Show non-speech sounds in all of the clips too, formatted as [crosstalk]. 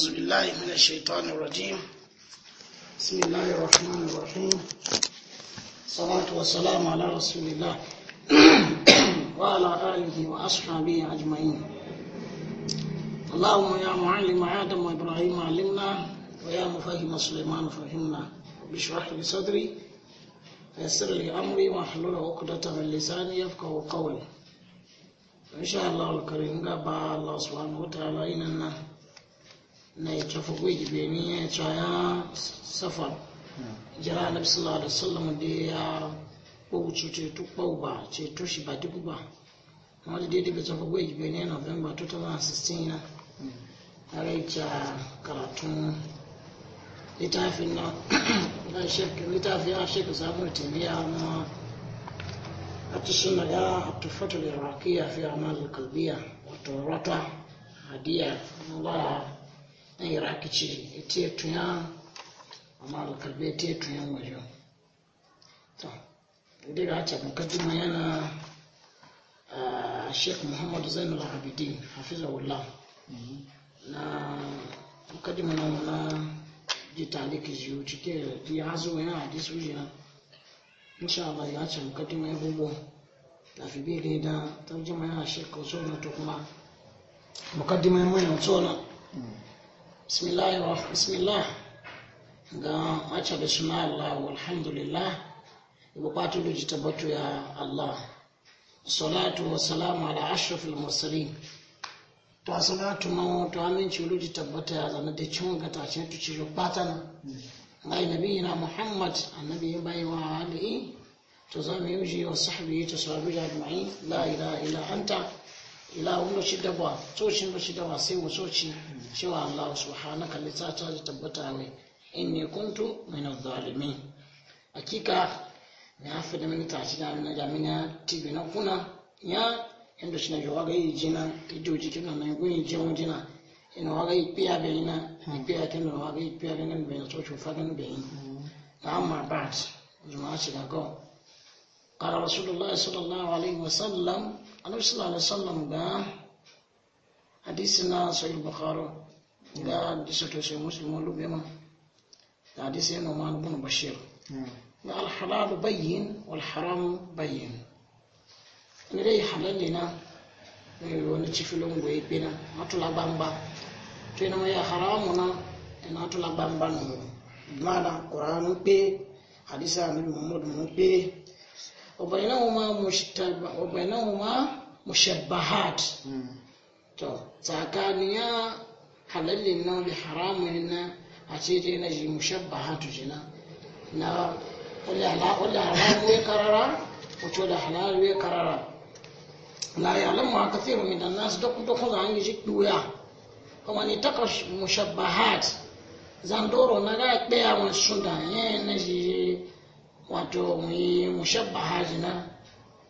أعوذ بالله من الشيطان الرجيم بسم الله الرحمن الرحيم صلاة والسلام على رسول الله [clears throat] وعلى آله وأصحابه أجمعين اللهم يا معلم آدم وإبراهيم علمنا ويا مفهم سليمان فهمنا بشرح لي صدري لي أمري واحلل عقدة من لساني يفقه قولي إن شاء الله الكريم قبع الله سبحانه وتعالى إننا na ya tafi gwai gibeni ya caya safar jira na bisala da sallama da ya kogu ya tukpa ba ce toshi ba duk ba amma da dai daga tafi gwai gibeni na november 2016 na har karatun littafin na littafin ya shekar sabon taimiyya na atisuna ya atufatul iraqiya fi amalin kalbiya wato rata hadiya Allah na iraq ce ita tuya amma alkalbe ita tuyan waje to daga haka mukaddima yana sheikh muhammad zainul abidin hafizahullah mhm. na mukaddima na na ji taliki jiyo cike da ya zo yana hadisu jiya insha Allah ya ce mukaddima ya bubo tafi bi da tarjima yana shekaru na to kuma mukaddima ya mai tsona. bismillah ga mace da suna Allah walhamdulillah bukatu da jitabatu ya Allah salatu wa salamu ala ashrafil mursalin to salatu ma to aminci lu jitabata ya zana da cin ga tace tu ci batan ngai nabi na muhammad annabi ya bai wa ali to za mu yuji wa sahbihi to sahabi jami'i la ilaha illa anta ila wanda shi daba ba shi daba sai mu cewa Allah wa ta'ala ya tabbata mai inni kuntu min adh-dhalimin hakika na fi da mini shi na na da mina tibi na kuna ya inda shi na jawa ga yi jina ido jikin na mai guni jin jina ina wa ga yi piya bai na ni piya kin da wa ga yi piya ganin bai na shi fa ganin na amma ba juma'a shi ga go Kara rasulullahi sallallahu alaihi wasallam annabi sallallahu alaihi wasallam ga hadisi na sahih bukhari ga hadisi to sai muslimu lube ma hadisi yana ma ibn bashir ga hmm. alhalal bayyin wal haram bayyin ni dai halalli na wani cifilin goyi bina matula bamba to yana ya haramu na yana tula bamba na mu mana qur'anu pe hadisa ni muhammad mu pe wa bainahuma mushabbahat hmm. to tsakaniya halallin nan da haramun nan a ce dai na ji mushabbahatu jina na wani haramu ya karara wato da halalu ya karara Na yi alamu a kathiru min an-nas duk duk za an yi duya kuma ni taka mushabbahat zan doro na ga daya mun sunda ne eh, na ji wato mu mushabbahat na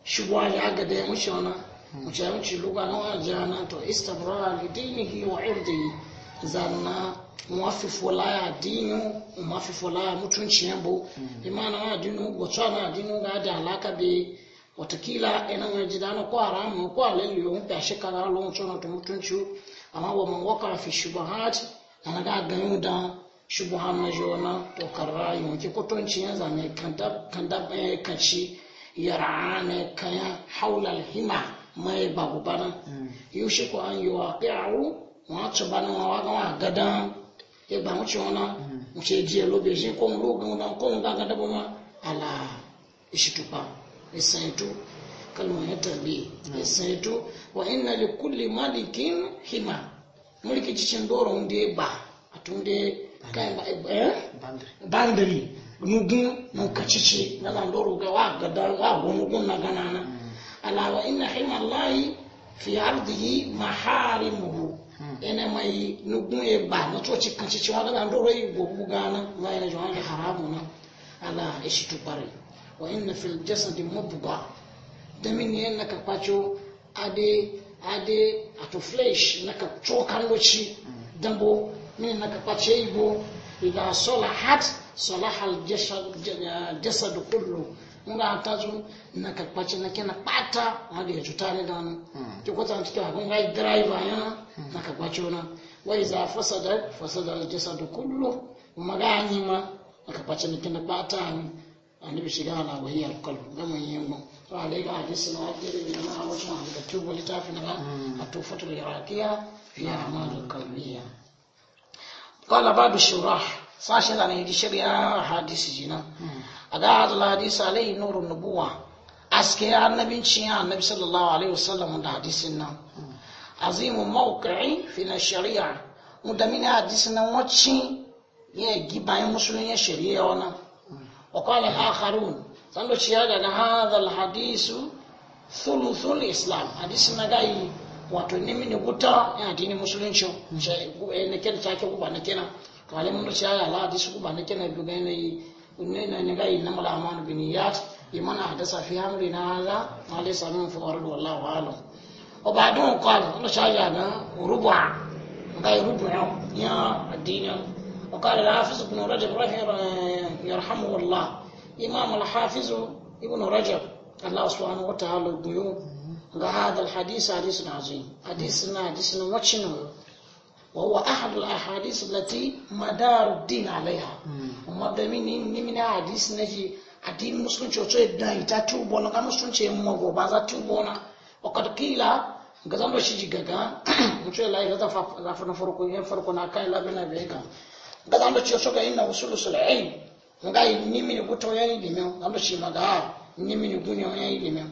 shugwa ya ga da mu shona mucamci luga na wajana to istabrara li dinihi wa irdihi zanna mwafi folaya dinu mwafi folaya mutunci yabo mm. imana wa dinu gocha na dinu ga da alaka be watakila ina wani jidana ko haramu ko alayyu yawon fashe kara lon tsona to mutunci amma wa man waka fi shubahat ana ga ganin da shubuhan na jona to karra yawon ki kutunci yanzu ne kan dab kan dab eh, kan shi yar'ana kaya haula al mai babu bana mm. yau shi ko an yi wa yawo wọn ci bana wọn wagan wa gadan ya ba mu ci wọnà mm. mu ṣe di gada ala ishi tu pa isan tabi isan mm. yi to wa in hima mulki cikin doro n de ba a tun de kai ba ɛɛ eh, eh? bandiri cici nana doro ga wa na gana na. ala wa inna himallahi fi ardihi maharimuhu hmm. ene mai nugun e ba na to cikin ci wani da ndoro yi gobu gana ma na jama'a da haramu na ala ishi tubari wa inna fil jasadi mubga da min ne na ka kwacho ade ade ato flesh na ka cokan wuci hmm. dambo min na ka ibo sola hat sola hal jasad kullu nga tazu na kakpachi na kena pata hadi ya jutale hmm. kwata tukwata mtike hakun ngai driver ya na Wai za fasa da fasa fasada fasada da kullu hanyi ma kakpachi na kena pata ani shiga na wa hiya yi gamu yimbo to alayka hadisi na wajiri na A wasu da tubu litafi na atufatu al-iraqiya fi a'mal al-qalbiyya qala babu shurah sashin da na di shari'a hadisi jina hmm. a ga hadal hadisi alayhi nuru nubuwa aske annabin cin ya annabi sallallahu alaihi wasallam da hadisin nan azimu mawqi'i fi na shari'a mu da mini hadisin nan wacce ya gi bayan musulun ya shari'a wana wa qala akharun sando ciya da hadal hadisu thuluthul islam hadisin na gayi wato ni mini guta ya dini musulunci ne ken take guba na kenan to alamun da ci ya hadisu guba na kenan bi yanayi kunne na ni gai ya mulaman bin yat imana da safi hamri na za ma le samin fu ardu wallahu alam o ba don ko an no shaya na rubwa ga rubu ya ya addinin o ka da hafiz ibn rajab rahim eh, yarhamu wallah imam al hafiz ibn rajab allah subhanahu wa ta'ala buyu ga hadal hadith hadith na azim hadith na hadith na wacin وهو أحد الأحاديث التي مدار الدين عليها ومبدأ من من حديث نجي الدين مسلم شو شو يدنا يتاتوبونا كان مسلم شو مغو بازا توبونا وقد قيل غزان بشي جيغا مشو لا يغزا فرنا فرقو ين فرقو ناكا لا بنا بيغا غزان بشي شو كاين وصول العلم ngai nimi ni gutoya ilimi ngambo shimaga nimi ni gunyo ya ilimi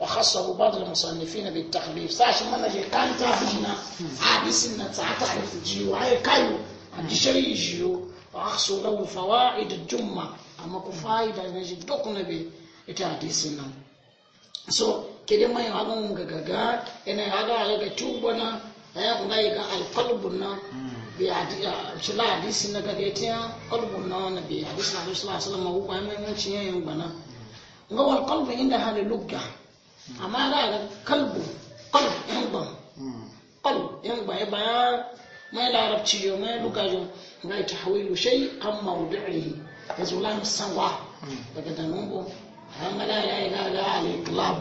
وخصوا بعض المصنفين بالتخبيب ساعه ما نجي كان تعرفنا عادي سنة ساعة تعرف تجي وعي كايو عند شيء يجيو وخصوا له فوائد الجمعة أما كفايدة نجي دقنا به يتعدي سنة so كده ما يهاجم مجاجا إن هذا على كتبنا هاي على آه، قلبنا بيعدي شلا عدي سنة كجيتيا قلبنا نبي عدي سنة الله صلى الله عليه وسلم هو قام من شيء يوم بنا نقول قلب عندها للوجه amma za ga kalbu kalb yan ba kalb yan ba ya baya mai larabci yo mai luga yo ga ta hawilu shay an mawdu'ihi yanzu lam sawa daga danan go amma la ya ga ga al iqlab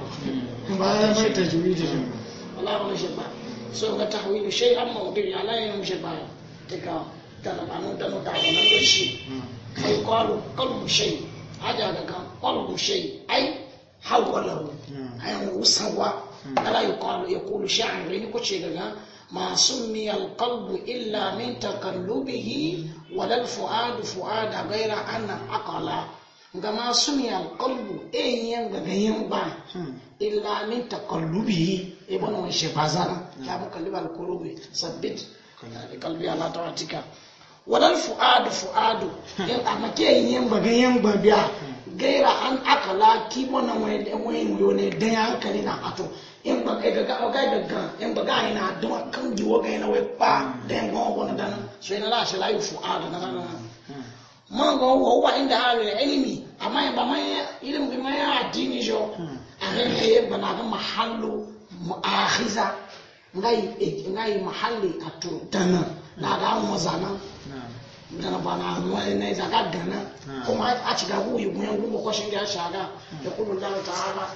ba mai tajwidi wala ba shi ba so ga tahwilu shay an mawdu'i ala yan shi ba daga dalabanu da da wannan shi sai hmm. qalu qalbu shai aja daga qalbu shay ai حوله هاي وسوا لا يقال يقول شاعر يقول ما سمي القلب إلا من تقلبه ولا الفؤاد فؤاد غير أن عقلا كما سمي القلب أي ينبغي ينبع إلا من تقلبه ابن وشبازان يا مقلب القلوب ثبت قلبي على طاعتك ولا الفؤاد فؤاد أما كي ينبغي ينبغي gaira an akala kibo na wani wani ne dan ya hankali na ato in ba kai ga o ga gaga in ba ga ina don kan giwo ga ina wai pa dan go go na dan so ina la shi layu fu ada na na man go wo wa inda halil ilmi amma ba ma ilmi bi mai addini jo a ga ne ba na ga mahallu mu'akhiza ngai e, ngai mahalli ato dana na ga mu zanan gana bana ina isa gana kuma a ci gabu yi gwen gugu kwashin ya shaga da kudu da ta hana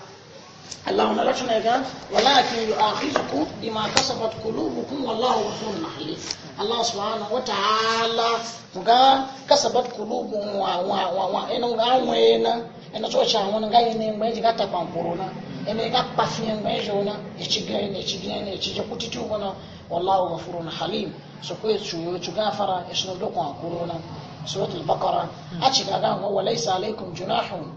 Allah na rashin ga walakin yu'akhizukum bima kasabat qulubukum wallahu ghafurun rahim Allah subhanahu wa ta'ala kasabat qulubukum wa wa wa wa ina ga wena ina so cha wona ga ina ji gata ina ga jona ga ina ga ina ga kutitu wona wallahu ghafurun halim so ko cuyo cu gafara isno do ko akuruna surat al-baqara a cika ga wa laysa alaykum junahun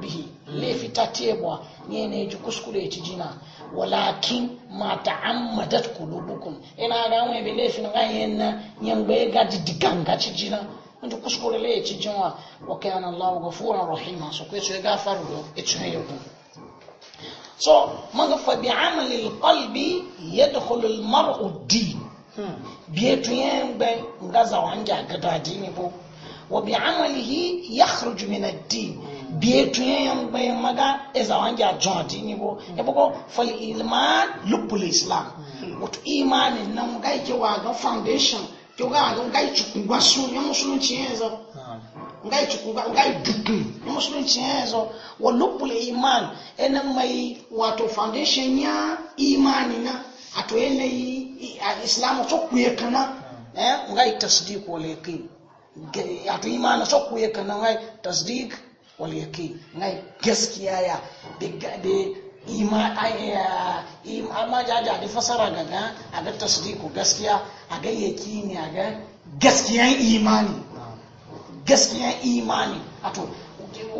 bihi le fitatebwa ne ne ji kuskure ci jina walakin ma ta'ammadat qulubukum ina ga mu be le fin ga yenna nyangbe ga didikanga jina ndu kuskure le ci jinwa wa kana allah rahima so ko ci gafaru do so maga fa bi amalil qalbi yadkhulu al mar'u din biye hmm. tuyen nga za wange agada dini bo wa bi amalihi yakhruju min ad din biye tuyen ben maga eza wange ajon dini bo hmm. e boko fal ilman lubul islam wato hmm. imanin nan ga ke wa ga foundation ke ga ga ga ci gwasu ne musulunci yanzu ngai chukuba ngai dudu musulun musulunci yanzu wa lubbul iman ena mai wato foundation ya imani na ato ene yi islamu so kuye kana eh ngai tasdiq wal yaqin ato imani so kuye kana ngai tasdiq wal yaqin ngai gaskiya ya de ima amma jaja da fasara gaga a ga tasdiku gaskiya a ga aga a ga gaskiyan imani gaskiya imani a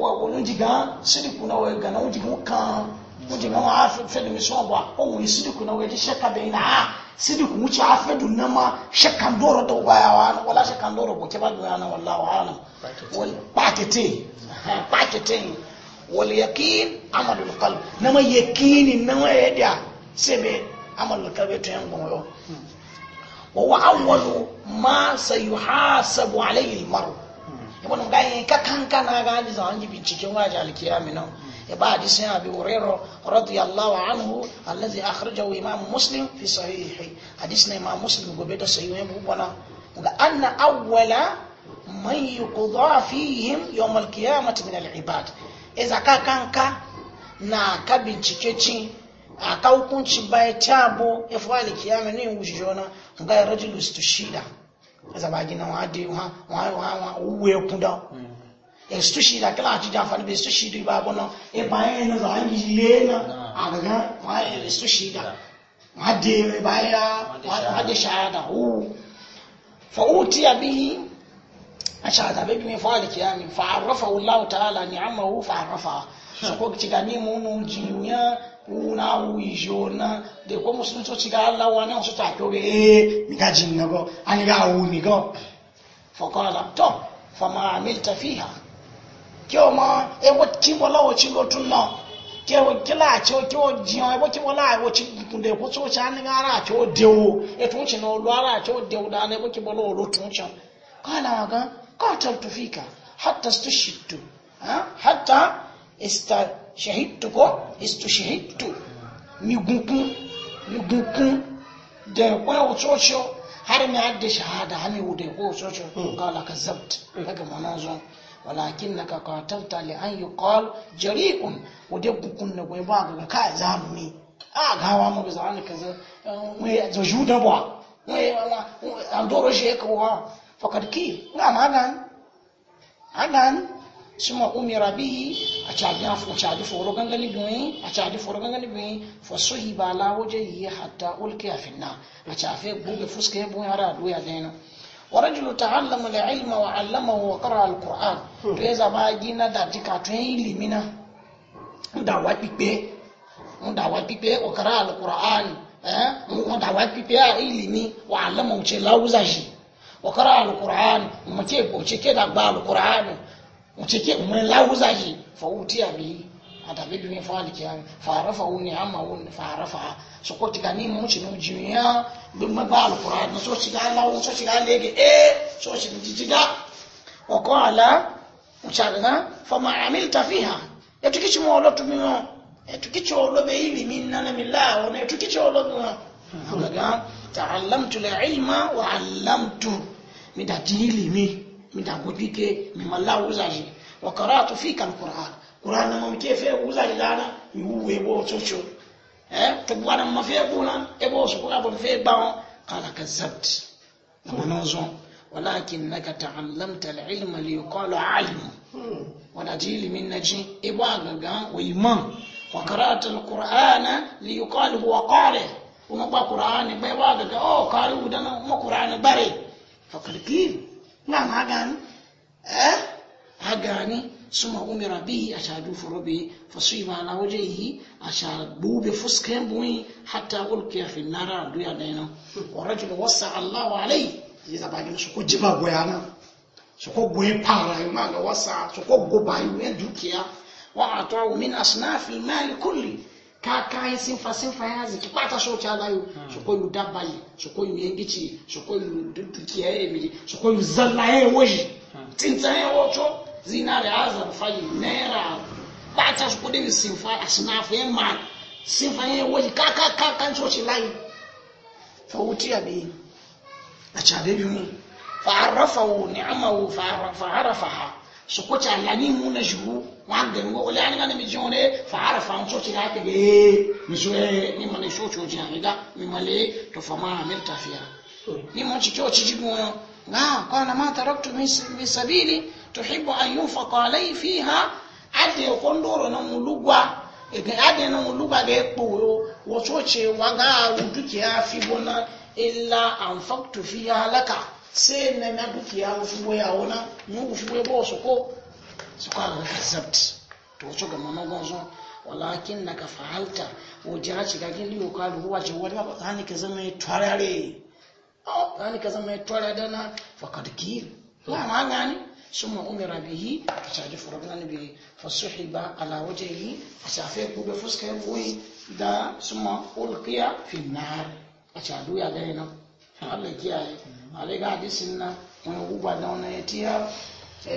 wani jiga siriku na we gana ujiga kan ujiga wa afedu da so wa o ni siriku na we ti shaka be na sidiku mu wuce afedu na ma shaka ndoro do wa na wala shaka doro bo ke ba do na wa hana wani pakete pakete wani yakin amalul qalb na ma yakini na ma yada sebe amalul qalb to yan bon wa huwa ma ma sabu alayhi maru ibn gayi ka kanka na ga hadisi an ji binciken waje alkiyami nan ya ba hadisi ya bi urero radiyallahu anhu allazi akhrajahu imam muslim fi sahihi hadisi na imam muslim gobe da sahihi mu bana ga anna awwala man yuqda fihim yawm alqiyamati min alibad iza ka kanka na ka bincike ci a ka hukunci bai tabo ifwali kiyama ne wuce jona ga rajulu shida zabagi na wọn adi wọn wọn wọn wu ekun dán esu si da yi lé náà àgàgà wọn esu si da wọn adi ibà yẹn wọn adi sàrà dà wù fọ a ni ko chiga ni mu nu jinya una uijona de ko musu to chiga Allah wa nan su ga jinna go an ga wu go faqala to fama amilta fiha kyo e wo ti lawo chi go ke wo kila cho kyo jion e wo ti mo la ko so cha ni ara cho dewo e tun chi no cho dewo da ne wo ki lo tun cha kala ga qataltu fika hatta stushittu ha hatta ista shahidtu ko istu shahidtu mi gunkun mi gunkun da kwa wucocin har hmm. mi hadda shahada hali wuda ko wucocin kala ka zabt daga manazon walakin na ka kwatarta li an yi kwal jari'un wuda gunkun na gwai ba ga ka zamu a gawa mu za ni kaza mai zaju da ba mai an doro shi ya kawo fakarki ga ma nan anan suma umira bihi a caji foro gangani biyu a caji foro gangani biyu fasuhi ba la waje yi hatta ulki a finna a cafe buge fuska ya buya ra doya zainu ورجل تعلم العلم وعلمه وقرأ القرآن to ya zama gina da jika tun ilimi na dawa pipe dawa pipe wa qara alquran eh mu dawa pipe a ilimi wa alama wuce lauza shi wa qara alquran mu ce ko ce ke da ba alquran wuce ke mun lawuza shi fa utiya bi atabi duni fa alikiyan fa rafa wuni amma wuni fa rafa so ko tiga ni mu ci no jimiya bi ma ba alquran so ci ga lawu e, so ci ga lege eh so ci ji jiga wa qala uchaga fa ma amilta fiha etukichi mu olo tumiyo etukichi olo be ilimi nana milawo ne etukichi olo tumiyo kaga ta'allamtu al-ilma wa 'allamtu midati ilimi متعبديك من الله وزاجي وقرأت فيك القرآن القرآن ما متيف وزاجي لنا يهوه يبوه تشو ها تبوانا ما في أقولا يبوه سبوا بن في باو قال كذبت لما نوزون ولكنك تعلمت العلم ليقال علم ونجيل من نجي إبواغا ويمان وقرأت القرآن ليقال هو قارئ ونبقى قرآن بيواغا أو قارئ ودنا ما قرآن باري فقال كيف nan ha gani eh ha gani suma umira biyi a shadu furobi fasu yi ba waje yi a shadu bi fuskayen buwi hatta gulke a fin a duya dai nan ƙwarajin wasa allahu alai yi zaba gina su ko jima goya nan su ko fara yi ma ga wasa su ko goba yi wuyan dukiya wa a to min asnafi mali kulli kakai sinfa sinfa ya ziki kwata so ta layo so ko yu dabayi so ko yu yengici so ko yu dukiya ya mi so ko yu zalla ya waji tinta ya wato zina da azar fayi naira kwata so ko de sinfa asnafu ya ma sinfa ya waji kaka kakan so ci layo fa wuti ya bi a chabe bi mu fa arafa ni'amahu fa arafa arafaha sokoci alani mu na shigo wọn gẹ̀rù wọ́n olè ánìyàn mi jẹun rẹ̀ fàárà fa ọ̀tọ́ ti láti gẹ̀ ẹ́ nìṣó ẹ̀ ní mọ̀lẹ́ ṣóòtù ọ̀jìn àrídá mímọ̀lẹ́ tó fọmọ́ àmìlì tàfíà ní mọ̀ ti kí ọ̀chí jígun wọn náà kọ́ na máa tàrọ́ tó mi sàbílì tó hìbọ̀ ayé fọkọ̀ alẹ́ fi ha adé ẹ̀kọ́ ń dọ̀rọ̀ náà mo lúgba ẹ̀gẹ̀ adé náà mo lúgba gẹ̀ pò wa tó ṣe wàgá dúkìá fi bọ́ná ilà àǹfọ̀tò fi ha lẹ́kàá sai na na duki ya rufi boya wani mu rufi boya ba su ko su kwa ga zabt to wacce ga mana gwazon walakin na ka fahalta wajen ya ci gagin liyo ka ruru wace wani ba hannu ka zama ya tware hannu ka zama ya tware da na fakar kiyi ba ma gani sun ma umira bi yi a caji furuna bi fasuhi ba ala waje yi a safe kube fuska da sun ma ulkiya finnar a caji ya gani nan Allah kiyaye. malega hadisin na wani guba da wani ya tiya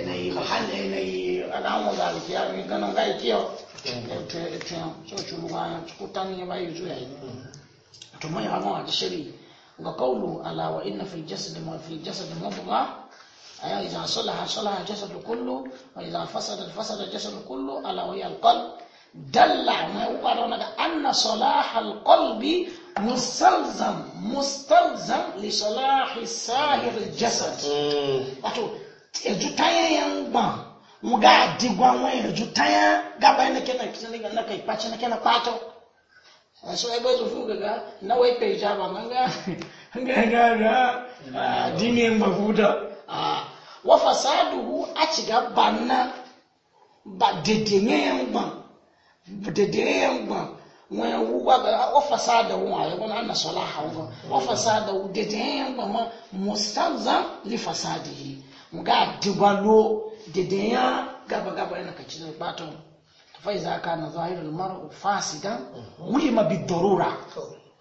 na yi mahal na yi alamu da alfiya mai gana ga ya tiya tiya so ci ruwa ya ci kuta ne ba yi zuwa yi to mai hama a tashiri ga kaulu ala wa inna fil jasad ma fil jasad mudgha aya idza salaha salaha jasad kullu wa idza fasada fasada jasad kullu ala wa hiya al qalb dalla ma yuqalu anna salaha al qalbi mustalzam mustalzam li salahi sahir jasad hmm. wato eju taya ya ngba muga adigwa nwa eju taya gaba ina kena kitani ga na kai pacha na kena a so ebe zo fuga ga na wai kai jaba manga ga ga ga ah, dini mafuda ah, wa fasaduhu a ciga banna ba dedenye ya ngba dedenye ya ngba wọn wu waga ah, wafasa da wọn a yabon ana sola hawa wafasa da wọn dedeyen gbama mustanza li fasadi yi nga dibalo dedeyen gaba gaba yana ka cikin baton fa za ka na zahirul mar'u fasidan ma bi ra darura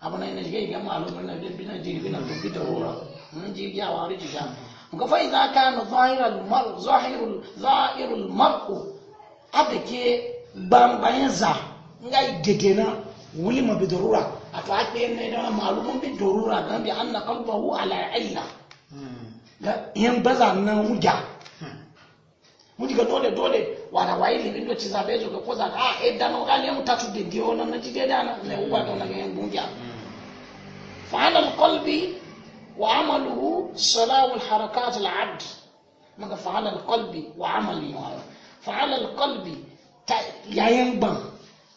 abana yana jige ga malumin na bin bin jiri bin bi ra mun ji ya wari jiga nga fa iza ka na zahirul mar'u zahirul zahirul mar'u abike gbambayin zaa. ngai gegena wuli ma bi darura ato akpe yenne da malumun bi darura dan bi anna qalbahu ala illa ga yen baza na muja muji ga dole dole wala waili bindo chizabe bezo ga koza ka e da no gale mu tatu de dio na ji de dana ne uwa to na ga yen bunja fa ala qalbi wa amaluhu salahu al harakat al abd maga fa ala al qalbi wa amali fa ala al qalbi yayin ban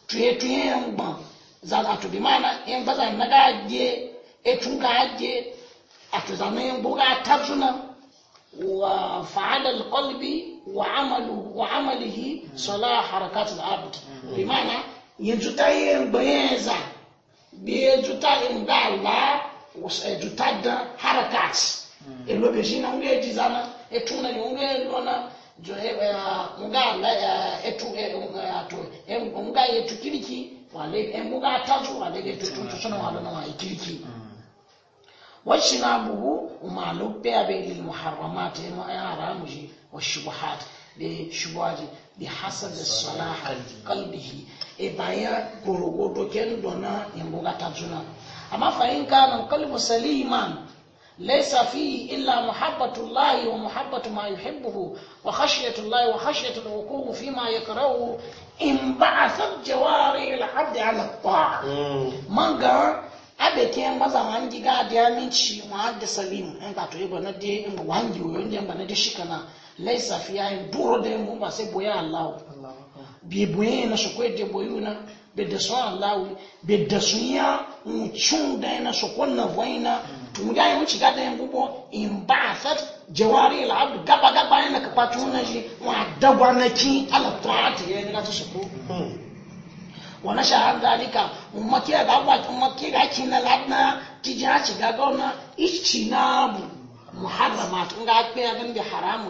tuye tuye yan gban za a tubi mana yan gbaza na ga aje etun ga aje a tu zama yan buga tarzuna wa fa'adal qalbi wa amalu wa amalihi salah harakatul abd bi mana yanzu ta yan gban yan bi yanzu ta yan ga Allah wasu eh, yanzu ta da harakat elo be shi na ngeji zana etuna yo ngelona Eh, eh, nga eh, etu kiriki muga tazu walege tutuntu suna walona wa kiriki mm. washina buhu umalu biya bi lil muharramat ma haramu ji wa shubuhat bi shubuhaji bi hasab salah qalbihi e baya gorogodo ken dona yambuga na ama fa in kana qalbu saliman ليس فيه إلا محبة الله ومحبة ما يحبه وخشية الله وخشية الوقوع فيما يكرهه إن بعثت جواري العبد على الطاعة من قال abe ke maza wangi ga da minci wa salim in ba to ibo na de in ba wangi wo nde ba na de shikana laisa fi ay duro de mu ba se boya allah bi boye na so ko de boyuna be de so allah be de sunya mu chung da na so tunga yang wuce da yang gubo in ba a sat jawari al'abdu gaba gaba yana ka patu wannan shi wa dagwa na ki alattati ya yi na wana suku wa na shahar dalika umarki ga gaba ga ki na ladna a ci gaga ichi na abu muharrama tun ga akpe abin da haramu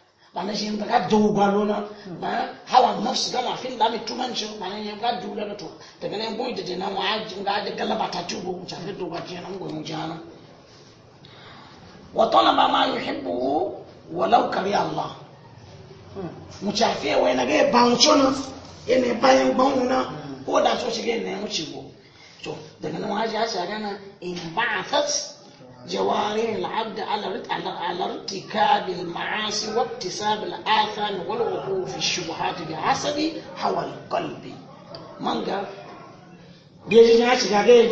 bana shi daga dogwa lona na hawa nafsu gama fil da mi tumanci bana ya ga dula da to daga ne boy da jina wa ajin ga da galaba ta tubo mu tafi dogwa je nan go mu ja jana wa talaba ma yuhibbu walau kari Allah mu tafi wai na ga bancho na ene bayan bangu na ko da so shi ga ne mu ci go to daga nan wa ji a shagana in ba'athat جوارح العبد على على ارتكاب المعاصي واكتساب الآثام والوقوع في الشبهات بحسب هوى القلب من قال بيجي ناس قال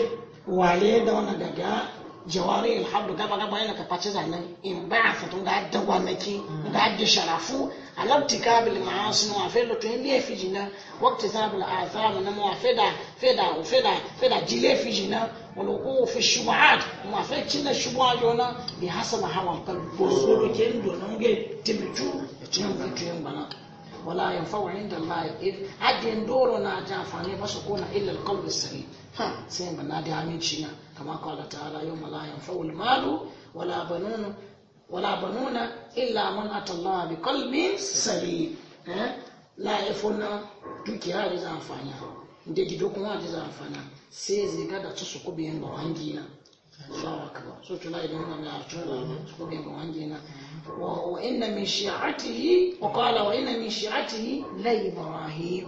وعليه دون قال jawari alhamdu gaba gaba yana ka face zanen in ba a fito ga adda gwanaki ga da sharafu a labti kabil ma'asu a fe lotu in liye fi jina wakti zabil a zamu na mawa fe da fe da fe da fe da jile fi jina wani ko fi shubuhat ma fe cinna shubuhat yona bi hasana hawan kal gurguru ke ndo nan ge timitu ya cinna gantu yan bana wala yanfa'u inda Allah id adin doro na ta amfani ba su kona illa alqalb salim sai mana da aminci na kama kawala ta'ala yau malayan fa'ul malu wala banuna wala banuna illa man atallaha bi qalbin salim eh la yafuna dukiya da za amfana inda gido kuma da za amfana sai zai ga da su ku biyan ba wangi na Allahu akbar so tula idan wannan ya tura su ku biyan ba na mm-hmm. wa inna min shi'atihi wa qala wa inna min shi'atihi la ibrahim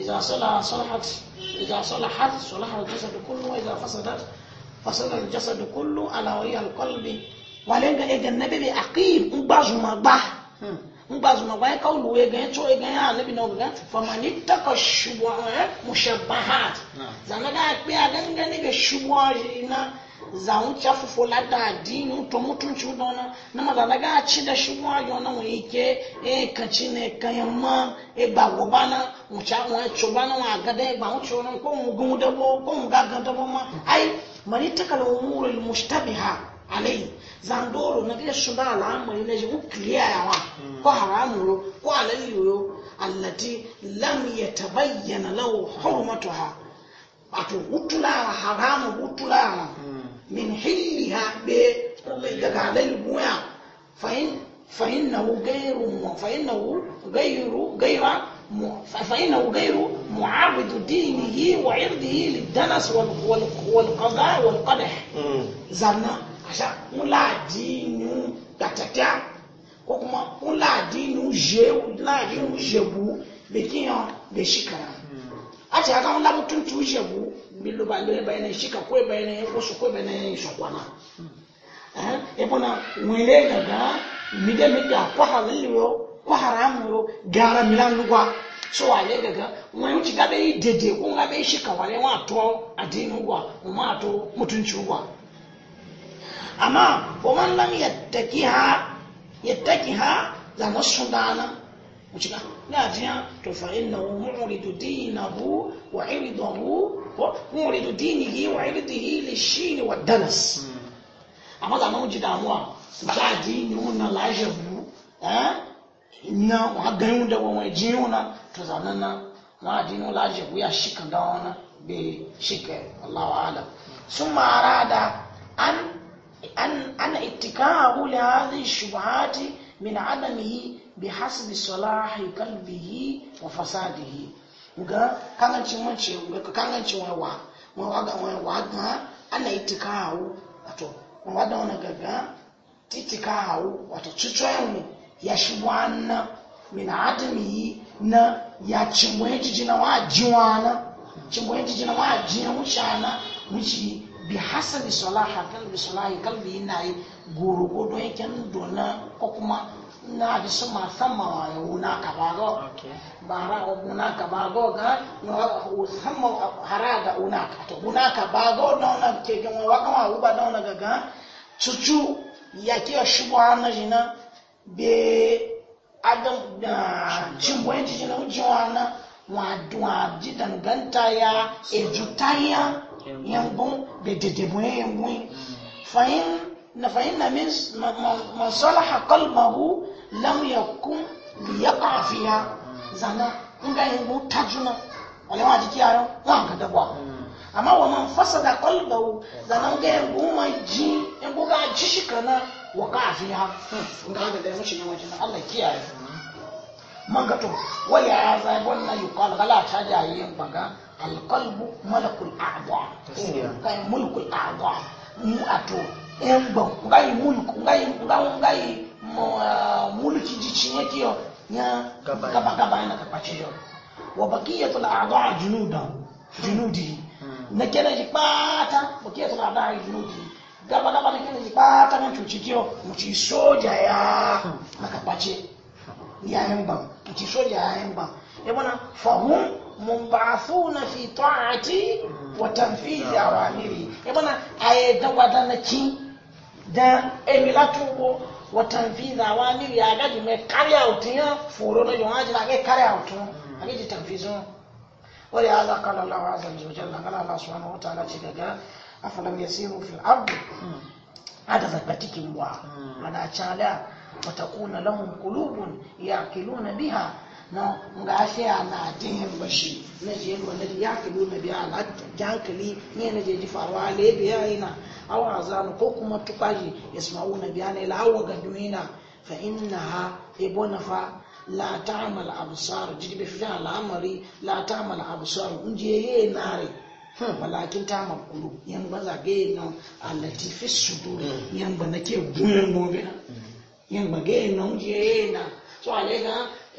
إذا صلح صلحت إذا صلحت صلح الجسد كله وإذا فسدت فسد الجسد كله ألا وهي القلب ولنجا إيجا النبي بأقيم مبازو مباه مبازو مباه قولوا إيجا يتو إيجا يا نبي نوغا فمن اتقى الشبهات مشبهات نعم. زانا قاعد بيها دنجا نيجا الشبهات zawun cafufu lada addini to ci dona na maza ga ci da shi wa yo na wani ke e ci ne kayan ma e ba go bana mu cha mu cho bana wa ga da e, ba mu cho nan ko mu gumu da bo ko mu ga ga da bo ma ai mari takal umurul mushtabiha alai zandoro na ga shi da al'amari na ji mu clear ya wa ko haramu ro ko alali allati lam yatabayyana lahu hurmatuha wato hutula haramu hutula min hilliha be daga halal muya fa'in fa'innahu ghayru fa'innahu ghayru ghayra فإنه غير معارض دينه وعرضه للدنس والقضاء والقدح زنا عشان ولا دين تتتع وكما ولا دين جو لا دين جبو بكيان بشكرا أتي أكا ولا بتنتو جبو bilu ba lo eba ene shika ko eba ene ko ko eba ene so kwana na eh? ebona mwele gaga mide mide akwa halilo kwa haramu yo gara so ale gaga nwere uchi gabe yi dede ko shika wale wato mutunci kwa amma لاجئا فإنه معرض دينه وعرضه معرض دينه وعرضه للشين والدنس amma da nan ji damuwa ba dini wannan lashe bu eh na wa ganin da wani jini wannan to zanan na ma dini lashe bu ya shika da wannan be shika Allahu alam ثم أراد أن أن أن اتكاءه لهذه الشبهات من عدمه بحسب صلاح قلبه وفساده ga kangancin mace ga kangancin wawa wawa wawa ga ana itika hawo wato wawa da wani gaga titika hawo wato cucoyin mu ya shi wana min adami na ya cimboye jijina wa jiwana cimboye jijina wa jiyan wucana wuci bi hasabi salaha kalbi salahi kalbi na yi gorogodo yake dona ko kuma na di so ma sama wa ya wuna kabago bara a wuna kabago ga no o sama haraga wuna ka to wuna kabago no na ke ga wa ka ma uba no na ga cucu ya ke shubu na jina be adam da chimbo en jina jina wa duwa ji danganta ya ejutaya yangun da dedebun yangun mm. fahim na fahim na min man salaha mahu. lam yakun liyaqa fiha zana nga yin tajuna wale ma jiki ayo zan ka dabwa amma wa man fasada qalbahu zana nga yin guma ji in buga ji shi kana wa ka fiha nga da da mushi ne na, Allah kiyaye man ga to wala azai wannan yuqal gala ta da yin baga alqalbu malakul a'dha kai mulkul a'dha mu ato en bon ngai mulku ngai ngai ngai muli ah, kijichinye kiyo nya kaba ina kapache yo wabakiya tula adaa junuda junudi hmm. na kene jipata wakiya tula adaa junudi kaba na kene jipata na chuchi kiyo e soja ya na hmm. kapache ya hemba mchi e soja ya hemba ebona fahum mumbathuna fi taati wa tanfidhi awamiri ebona ayedagwada na chi da emilatu watanfiza awamiri ya gaji mai carry out ya foro na jama'a jira ga carry out a gaji tanfizon wani ya mm. za kala Allah wa azal zuwa na wata Allah subhanahu wataala ce daga afalam yasiru fil ardi mm. hada zabbatikin wa mana mm. chala watakuna lahum ya kiluna biha na nga sai na jin bashi na je ruwa wani ya kilo na biya na jankali ne na je ji faruwa le biya ina awa zanu ko kuma tukwaji ya yasma'u na biya ne lawa ga duniya fa ha ebo na fa la abusar absar jibe fi al'amari la abusar absar unje ye na re walakin ta makulu yan ba yi na alati fi su sudur yan ba nake gumen gobe yan ba na nan je na so alega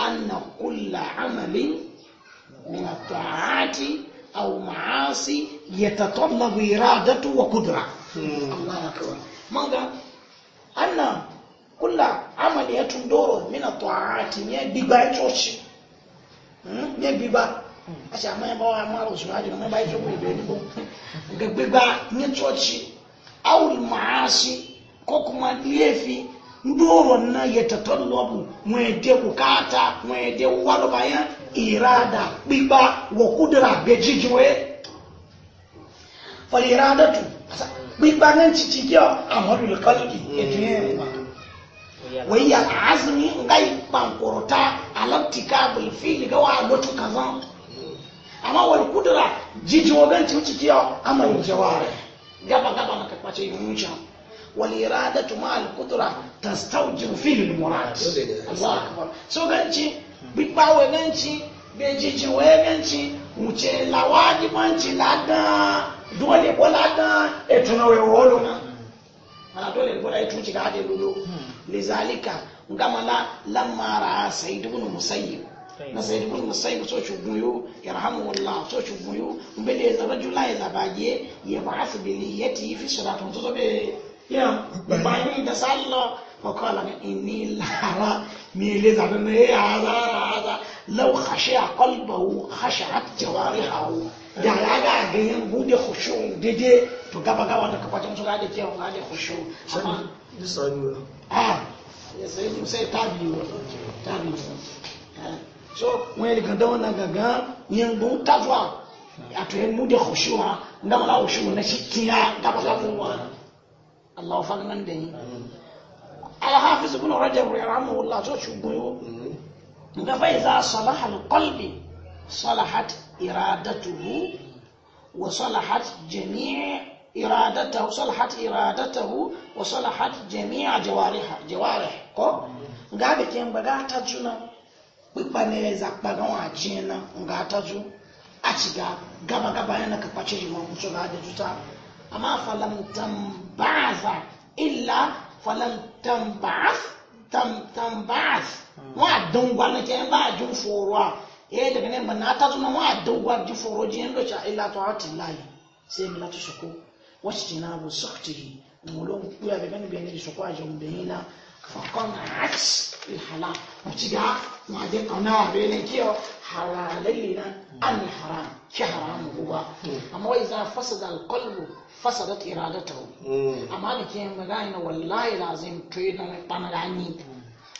أن كل عمل من الطاعات أو معاصي يتطلب إرادة وقدرة الله أكبر ماذا أن كل عمل يتندور من الطاعات يبقى يتوشي يبقى Aṣe àmọ́ ẹbá wa máa rọ̀ṣùn àjò náà bá ìṣòkò ìbẹ̀ nígbò. Gbẹgbẹgbà ní tọ́ọ̀ṣì, áwùl màá ṣí, kọ́kùnmá léèfì, ndụ na nna mwede kukata mwede walo baya irada biba wa kudra bejijiwe fal iradatu biba hmm. wa hiya azmi ngai bankorota alaptika bil fil ga wa lotu kazan amma wal kudra jijiwo gan cikiyo amalul jawari gaba gaba maka والإرادة مع القدرة تستوجب فيه المراد الله أكبر سو غنشي بيباوي غنشي بيجيجي وغنشي وچه لواجب غنشي لادان دولي بولادان اتنوي ولونا ana dole ne gwada tuci ga hade lulu hmm. lizalika ngama la lamma ra sayyid ibn musayyib na sayyid ibn musayyib so ya yarhamu allah so chuguyo mbele zaba rajula za baje ya ba'ath bi fi salatu so be yẹn gbogbo da ìdásá lọ ọkọ àlàyé ìní lára mi ilé tàbí mi ẹ ara ara lọ́wọ́ xaṣẹ àkọlùbọ̀wò xaṣẹ àtijọ́wárí àwọ̀ yàrá gàgé yẹn gúdẹ xoṣù dédé tó gabagaba tó kapa tó ń sọ ká dé tiẹ̀ wọn ká dé xoṣù. sani sani wo. aa yẹsẹ musa yi taabi wo taabi wo so wọn yẹn gàdá wọn na gàgán yẹn gbó tàfà àtúnyẹn mú dé xoṣù wa ndàmọ́lá xoṣù wọn náà sì kíyà mu Allah fa nan da yi Hafiz ibn rajab rahimahullah to shi shubuyo ga fa iza salaha alqalbi salahat iradatuhu wa salahat jami' iradatuhu salahat iradatuhu wa salahat jami' jawariha jawarih ko ga be kin baga ta juna pipa ne za pa paga wa jina ga ta ju a ci ga gaba gaba yana ka pace ji mun so ga da juta أما فلم تنبعث إلا فلم تنبعث تم تنبعث ما آه. دون قال لك ما جو فوروا إيه ده كنا ما ناتزونا ما دون قال جو فورو جين لو شاء إلا توات الله سيم لا تشكو وش جناب سخته مولون كويا ده كنا بيني تشكو أجمع بينا فكان عكس الحلا وتجا ما دين قناع بيني كيو حلال لنا آه. أن حرام كحرام هو آه. أما إذا فسد القلب فسدت إرادته أما لكن بغاينا والله لازم تريد أن تنغاني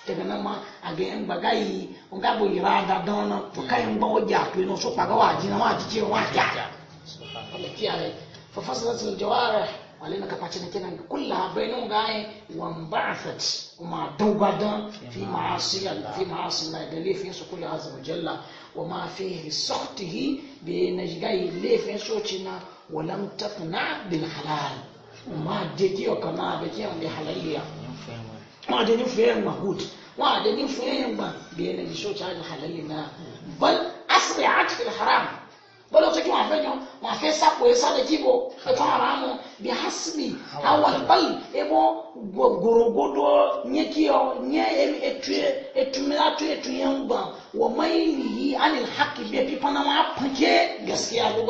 تغنى ما أغين بغاي وغابو إرادة دون فكاين بوجا تلو سوفا غواجي نواجي جي واجا ففسدت الجوارح ولينا كفاتشنا كنا كلها بينهم غاي وانبعثت وما دوغا في معاصي الله في معاصي الله يدلي في يسو كل عز وجل وما فيه سخته بينجي غاي ليه في يسو walam taqna bil halal ma de ki o kama be ki on be halaliya ma de ni ma mahut ma de ni fuyen ma be ne so cha halalina bal asri'at fil haram bọ́lá tó kí wọ́n fẹ́ yan wọ́n fẹ́ sápò sáré kíbo ẹ̀tọ́ ara wọn bí hasibi àwọn àlùbáyì ẹ̀bọ́ gòrògòdò nyẹ kí ọ nyẹ ẹtù ẹtùmílátù ẹtù yẹn ń gbà wọ́n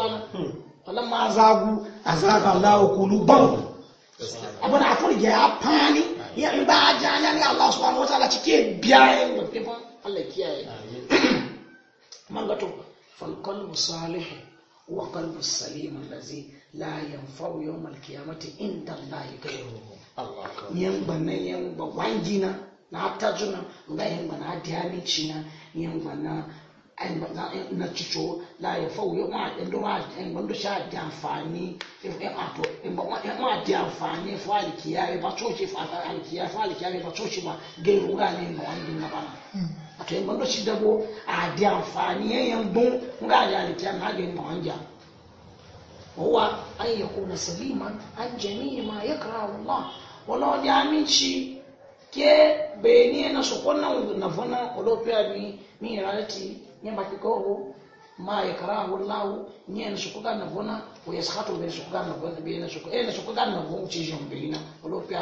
mọ̀ falamma a azaba Allah qulubahum abun afur ya pani ya ba jana ga Allah subhanahu wataala cike biyaye da fifa Allah kiyaye [clears throat] mangato fal qalbu salih wa qalbu salim allazi la yanfa'u yawm al-qiyamati inda Allah ghayruhu Allah yan bana yan ba wangina na atajuna ngai bana adiani china yan bana na cico la ya fau ya ma ɗin ma ɗin wanda sha di amfani ma di amfani fa alikiya ya ba coci fa alikiya fa alikiya ya ba coci ba gai ruga ne ma wani na bana a to wanda shi dabo a di amfani ya yan dun nga ya alikiya na gai ma wani ja wa an ya kuna saliman an jami'i ma ya kira Allah wala wani aminci ke bayani na sokon nan na fana olofiya bi min irati nyemba kikoho ma yakrahu Allah nyen sukuga na bona o yaskhatu be sukuga na ene sukuga na bona ci jom be na wala pe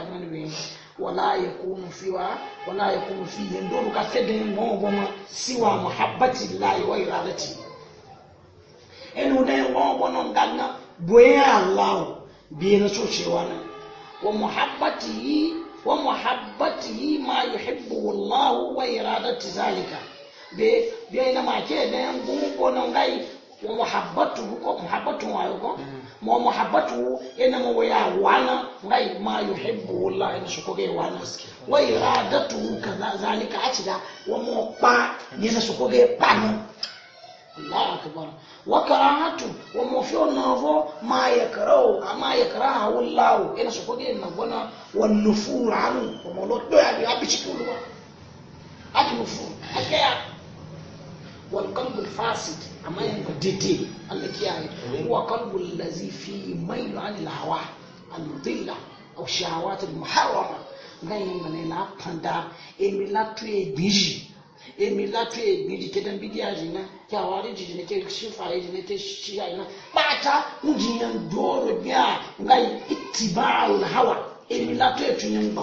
wala yakunu fiwa wala yakunu fi yendoro ka tede mo bona siwa muhabbati Allah wa iradati enu ne mo bona nganga boye Allah be so cewa na wa muhabbati wa muhabbati ma yuhibbu Allah wa iradati zalika be be na ma ke da yan gun ko nan gai wa muhabbatu ko muhabbatu wa ko mo muhabbatu ina mo ya wana gai ma yuhibbu wallahi ni suko gai wana wa iradatu kaza zalika acida wa mo pa ni na suko gai panu Allah akbar wa ha tu, wa mo fi onavo ma yakrahu ama yakrahu wallahu ina suko gai na bona wa nufuru anu wa mo lo do ya bi abi chikulu wa aki nufuru ya? wal qalbul fasid amma yanzu daidai Allah kiyaye huwa qalbul ladhi fi mailu anil hawa al mudilla aw shahawat al muharrama ngai ngane la panda emi la tu egbiji emi la tu egbiji ke dan bidiya jina ke awari jiji ne ke shifa yi ne ke shiya ina bata unjiyan doro biya ngai ittiba'ul hawa emi la tu etunyan ba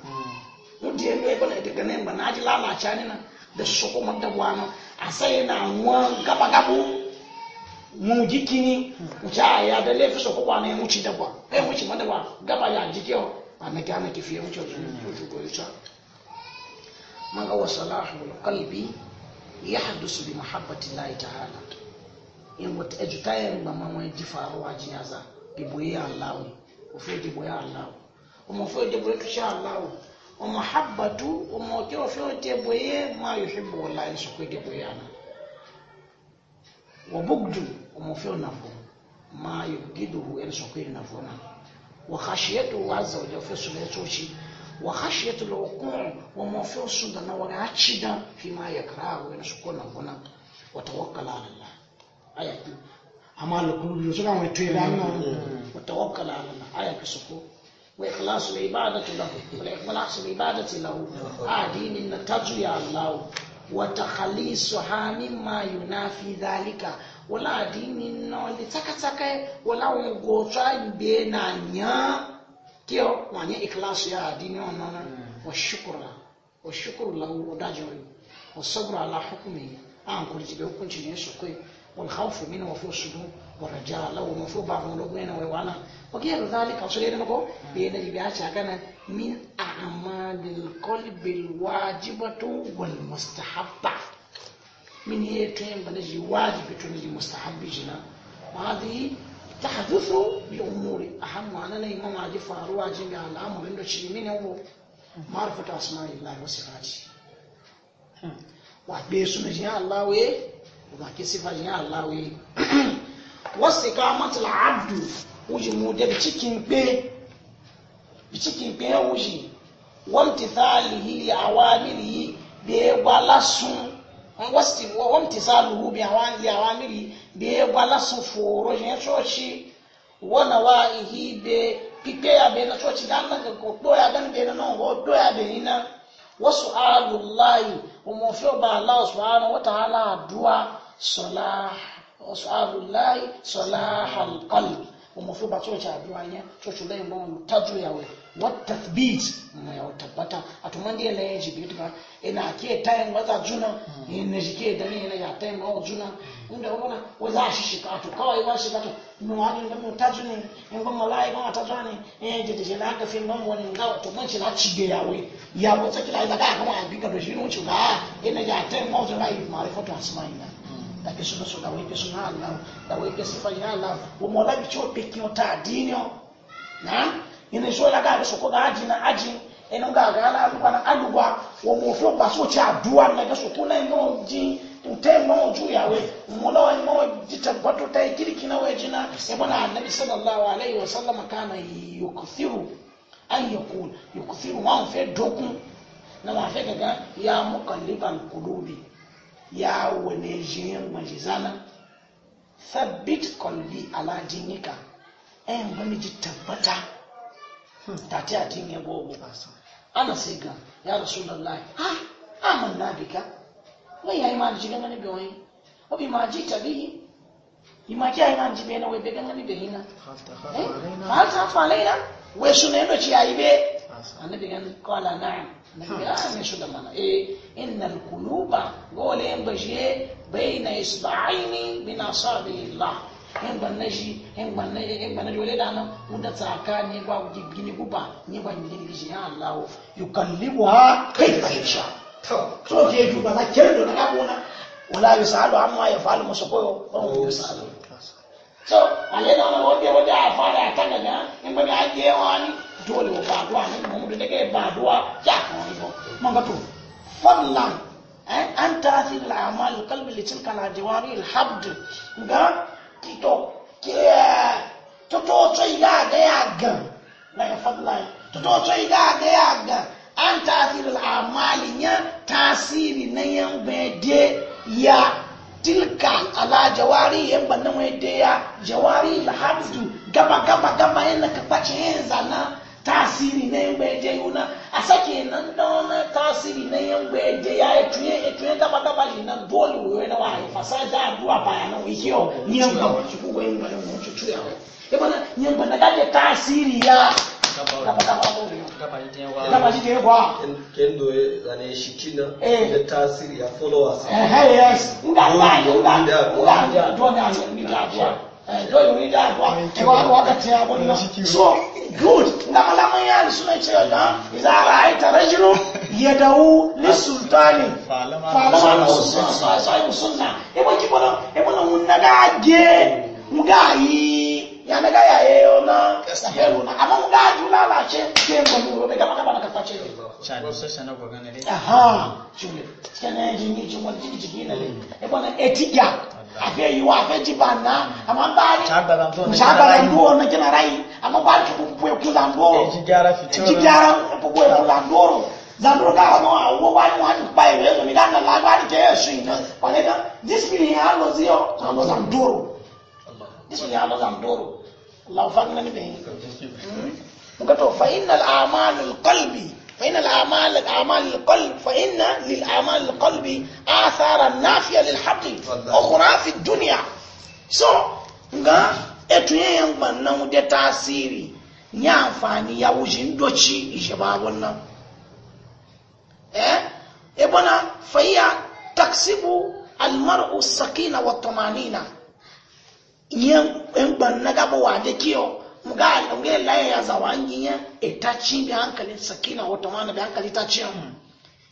wudi ya nwe bala ita ganin ba na ji lalace ni na da su kuma da buwano a sai na nwa gaba gabo mu jikini wuce a ya da laifin su kuma ne wuce da ba ɗaya wuce ma da ba gaba ya jike wa a na kyana ki fiye wuce su wuce ko yusa man ga wasu lahul kalbi ya haddasu bi mahabbati lahi ta'ala in wata ajutayen ba man wani ji faruwa jiya za iboye allahu ko fe boye allahu kuma fe iboye tushe allahu umuhabbatu umokewa fyote bweye mayuhibu wala insukwidi bweyana wabugdu umofeo nafu ma yugiduhu insukwidi nafuna wakhashiyetu waza wale ufeo sulaya tuchi wakhashiyetu lukun umofeo sunda na wale achida fima ya krahu insukwidi nafuna watawakala ala la ayaki amalu kulubi yusura wetuwe lana watawakala ala la ayaki sukwidi وإخلاص العبادة له والإخلاص العبادة له آدين نتجو يا الله وتخليصها مما ينافي ذلك ولا دين لتكتك ولا غوتا بينانيا كيو وانيا إخلاص يا دين ونانا والشكر والشكر له وداجوني والصبر على حكمه أن كل جبه كنت نيسو والخوف منه وفي الصدور والرجاء له ومفروض بعض الأبنين ويوانا وغير ذلك وصغير نقول بيدي بيعش كان من أعمال القلب الواجبة والمستحبة من هي تين بنجي واجب تنجي مستحب جنا وهذه تحدث بأمور أهم أنا لا إمام عجي فارو عجي الأمر عنده شيء من هو معرفة أسماء الله وصفاته وبيسون جنا الله وي وما كسفة جنا الله وي واستقامة العبد wuji mu da cikin be cikin be wuji wamtithalihi li awamirihi be gwala sun wamtithaluhu bi awamirihi be gwala sun foro jen coci wana wa'ihi be pipe ya be na coci dan na ko do ya dan be na non go do ya be ina wasu alullahi wa mafi ba Allah subhanahu wa ta'ala addu'a salah wasu alullahi salah umafuba chocho abiwanya chocho dai mbon ya yawe what tathbit mo yawe tabata atumandi le jibit ba ina ake tayin wata juna ina jike da ni ina ya tayin wa juna inda wana waza shi shi to kawai wa shi ka to mu wani da mu taju ne in ban malai ban ta jani eh je je la ka fin ban wani ga to mun shi na cige yawe yawo tsaki la da ka kuma bi ka da shi no chuga ina ya tayin wa juna yi asma ina da ke suna suna wai suna Allah da wai ke sifa ya Allah wo mo la bicho pe ki na ina so la ga so ko ga ajina aji ina ga ga la ku na adugwa wo mo fo pa so cha adua na ga so ko na ina ji utemo juu yawe mmola wa mo ta bato ta kiri kina we jina ya bwana annabi sallallahu alaihi wasallam kana yukthiru an yakul yukthiru ma fe dokun na ma fe ga ya muqalliban qulubi Hmm, ya wani jiyan majizana thabit kwalli ala dinika ɗayan wani ji tabbata ta ta yi ya gobe ana sai ga ya rasu lallai ha amin na ka, wai ya yi ma ji gangane bai wani ma ji tabi yi ma kiyaye na ji na wai hina ha ya نجاح شو لما ايه ان القلوب قول ان بجي بين اصبعين من اصابع الله in ban na shi in ban na in ban na jole da nan wanda tsaka ne ba wuce gini guba ne ban gini gishi ya Allah yukallibu ha kai kai sha to to je ju ba za ki rido na kabona wala yusalu amma ya falu musu koyo ban yusalu so alena wanda wanda a fara kan ga in ba da ake yawa ni dole mu a ne mu da ke a ya kan ribo man ga to fadlan eh, an tasir al'amal qalbi li tilka na diwari al-habd ga kito ke to to to iga ga ya ga na ga fadlan to to to iga ga ya ga an tasir al'amal ya tasiri na yan de ya tilka ala jawari yan bannan wai de ya jawari al-habd gaba gaba gaba yana ka kwace yin zana tasiri na engbeje yuna asake na ndona tasiri na engbeje ya etuye etuye ndaba ndaba jina dole na wae fasaja adua baya na wikio nyamba mchukua yuma na mchuchu yao ebona nyamba na gaje tasiri ya ndaba jide kwa kendo zane shitina the tasiri ya followers eh yes ngabaya ngabaya ngabaya ndona ndona lóyún ní dáàbò ẹ wá wákàtí àbọ̀ náà so good ndàmàlámà yà á lùsùn ẹ̀ṣẹ̀ ọ̀dà ìzàrà àìtàrẹ́ jùlọ yẹ̀dàwó ní sultani fàlọ́mà náà sùn mu ẹ̀mú sùn náà ẹ̀mọ́ jí bọ́lá ẹ̀mọ́ náà ń nàgà gé nga yí yànnàgà yà yẹ ọ náà ẹ̀rù ne. aha nga jù náà làṣẹ kí ẹ̀ gbọ́dọ̀ rẹ̀ gàmà gàmà nàkà fàṣẹ rẹ̀. ṣàdùsọ̀ ṣàná afe yiwa afe jibana amabari mushabalanduo nakena rai amabari kubwe kuzandoro ejigyara kubwe kuzandoro zandoro kaano wo wani wani kubayo yezo midana lagwari jeyeswina paneka disipini yalo ziyo zando zandoro disipini yalo zandoro allah ufanina nibe mukatofa inna al amalu al qalbi فإن الأعمال الأعمال القلب فإن للأعمال القلب آثارا نافية للحق أخرى في الدنيا so nga etu ye yan gban nan da tasiri ni amfani ya wuce ndoci ishe ba wannan eh e bana fayya taksibu almar'u sakina wa na da kiyo nga nga laye ya zawangi ya itachi bi hankali sakina wato mana bi hankali ta ci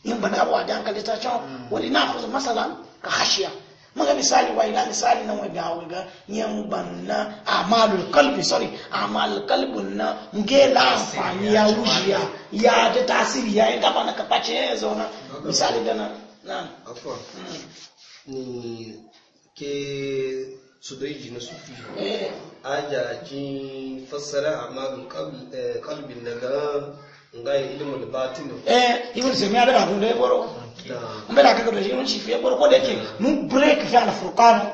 in bana abu da hankali ta ci wani na kuzu masala ka mun muga misali wa ila misali na wani gawo ga yan banna amalul kalbi sorry amal kalbun na nge la amfani ya wujiya ya da tasiri ya ita gaba na ya zauna misali da na hmm. ni ke su dai ji na sufi ajakin fassara amma eh, kalbin na ga ngayi ilimin batinu eh ibn sirmiya da abun da ya boro in bai da kaka da shi shi fiye boro ko da yake mun break fi alfurkano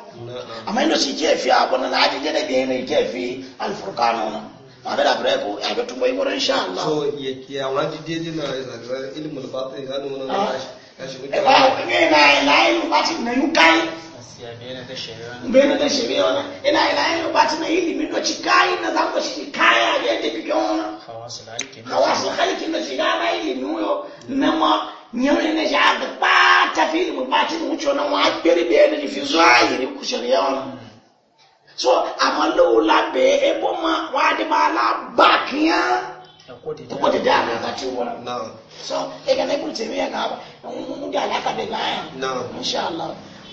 amma inda shi ke fi abun nan aji da da yanayi ke fi alfurkano na ma bai da break ko ya bai tumbai boro insha Allah so ya wani jeje na ilimin batinu ga nuna na ah. shi eh, eh, na ilayin batinu na yukai mbena da shebeona ina ina ba ta na hili mindo chikai na za zango shikaya yete kikiona hawasu khaliki na shigana hili nuyo nama nyewe na jaga pata fili mbati mucho na wapiri bene difizwai ni kushariona so amalo labe ebo ma wadi bala bakia kuko da dama e ba ce wani so ega na ibul tebe ya gaba mun da alaka da Na insha Allah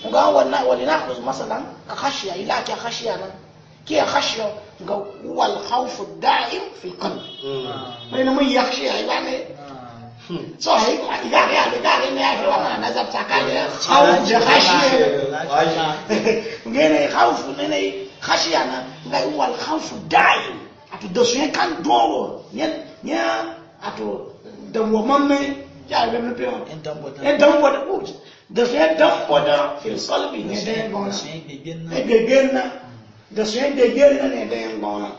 nga wannan wani na haɗu masalan ka khashiya ila ta khashiya nan ke khashiya ga wal khawf da'im fi qalb mai mun yakhshiya ba ne so ai ko ai ga ya ga ne ya fi wa na zabta ka ne khawf da khashiya ne ne khawf ne ne khashiya na ga wal khawf da'im ato da su kan doro ne ne ato da wa mamme ya ga ne pe en dambo en dambo da Deseye dam poda, fil kalbi. Deseye begel nan, deseye begel nan, deseye begel nan.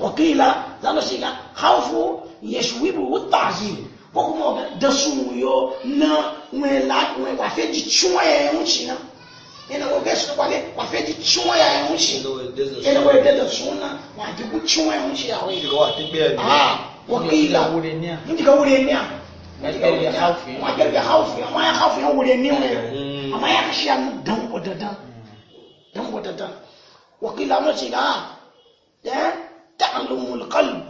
Okila, zanlo si ka, kaw fo, yesu wibu, utazil. Wok mwok, deseye mwoyo, nan, mwen lak, mwen wafen di chonye yonchi nan. E nan wak esu, wak e, wafen di chonye yonchi. E nan wak e deseye mwoyo nan, wak e di chonye yonchi. A, okila, mwen di ka wote mnya. Uma aquele que é Ralph, amanhã é Ralph, é um olheninho mesmo. Amanhã é que chama Dão Bodadã. Dão Bodadã. O que lá não será? تعلم القلب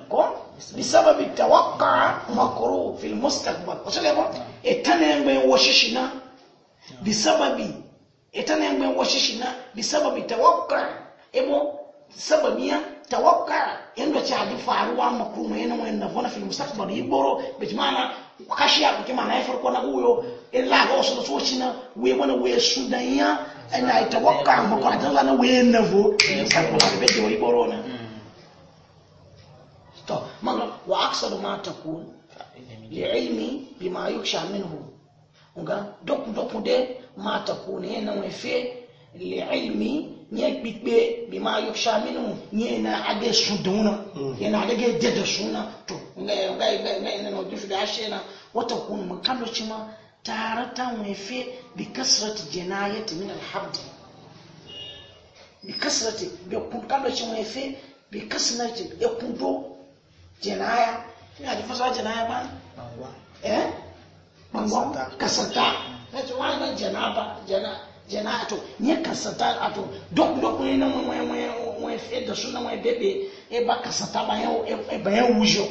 بسبب التوقع مكروه في المستقبل وسلم اتنين بين وششنا بسبب اتنين بين وششنا بسبب توقع ابو سبب يا توقع يندو تشادي فاروا مكروه هنا وين نفونا في المستقبل يبرو بمعنى kashiya ya kuke mana ya farko na uyo in la ga wasu soci na we mana we su dan ya ina ita wakka ma ko da la na we na vo sai ko ba be yi boro na to manga wa aksaru ma ta ku li ilmi bima yuksha minhu nga dok dok de ma ta ku ne na we fe li ilmi nye kpikpe bi ma yuksha minu nye na ade su duna nye na ade de da suna to nga nga nga nga na dufu da ashe na wata kun mun kallo ci ma taara ta wefe bi kasrati jinayati min alhabd bi kasrati bi kun kallo ci wefe bi kasrati e kudo jinaya ina da fasa jinaya ba eh bangon kasata na ci wani janaba janaba ato nye kasata ato dok dok ne na mwe mwe mwe fe da suna mwe bebe e ba kasata ba yau e, e ba yau wujo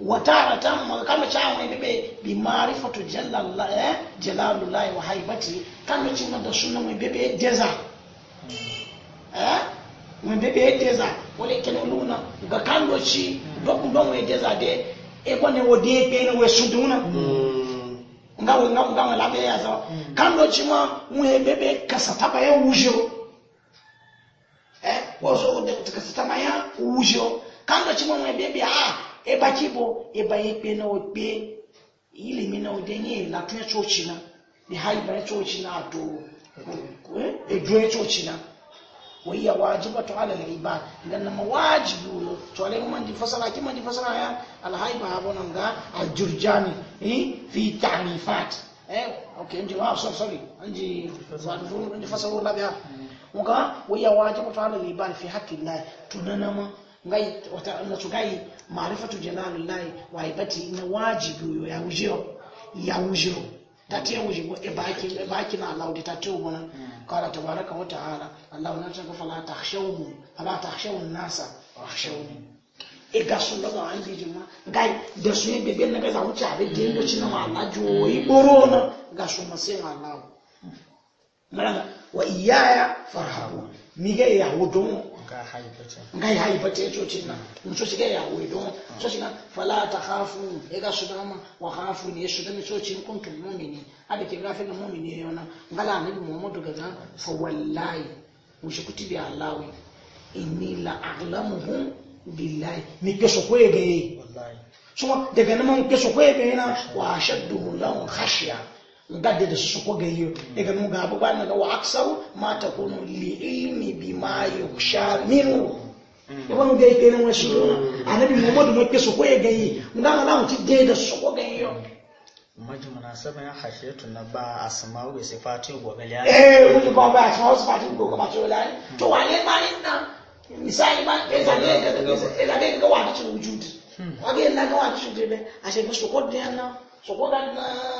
watarata kama cha mwe bebe bi marifatu e, jallallah eh jalalullah wa haibati kama chi da suna mwe bebe deza eh mwe bebe deza wale kene luna ga kando chi dok dok mwe deza de e bone wo e de pe ne we suduna mm. ngawo ngawe ngawe ngawe labe yazo kando chima muhe bebe kasataba ya ujo eh wazo de kasataba ya ujo kando chima muhe bebe ah eba kibo eba yepe na ope ile mina odenye la tuya chochina ni haiba chochina to eh edwe chochina وهي واجبة على العباد لأن مواجب تعلم من دي فصل أكيد من دي فصل يا الهاي بهابون أنجا الجرجاني إيه في تعريفات إيه أوكي أنجي ما سوري سوري أنجي فصل أنجي فصل ولا بيا وكا وهي واجبة على العباد في حق الله تننما ngai watachugai maarifa tu jalali lai waibati ni wajibu ya ujio ya ujio tati ya ko e baki na Allah da tati mu nan kala hmm. tabaraka wa ta'ala Allah nan ta fala mu fala takhshawun nasa mu e ga sun daga an ji jima gai da su yi bebe na gaza wuce abin da yin doci na ma Allah ji woyi boro na ga su ma sai Allah hmm. mana wa iyaya farhabu mi ga ya hudu ngai haibate cocin na nso siga ya wuri don so siga fala ta hafu ya ga su ma wa hafu ne su dama cocin kuntum mumini ada ke gafi na mumini ne wannan ngala annabi muhammadu gaga fa wallahi mushi kutubi allawi inni la aglamuhum billahi ni ke so koye ga yi so daga nan ma ke so koye ga yana wa ashaddu lahum khashya gadda da su ko gayi e ga nuga abu gwanin ga wa aksaru ma ta kunu li ilmi bi ma yuksha minhu e wani gayi gayi nan wasu yana annabi muhammadu makke su ko ya gayi nga ga lamu ci gayi da su ko gayyo. Mm. Mm. maji munasaba ya hashiyatu na ba asma'u bi sifati gobe ya eh mun ba ba asma'u sifati gobe ba to lai to wale ma eh, eh, hmm. yin nan misali ba e da ne ga da ne ga wani wujud wage na ga wani wujud be a sai ko su ko da nan su ko da nan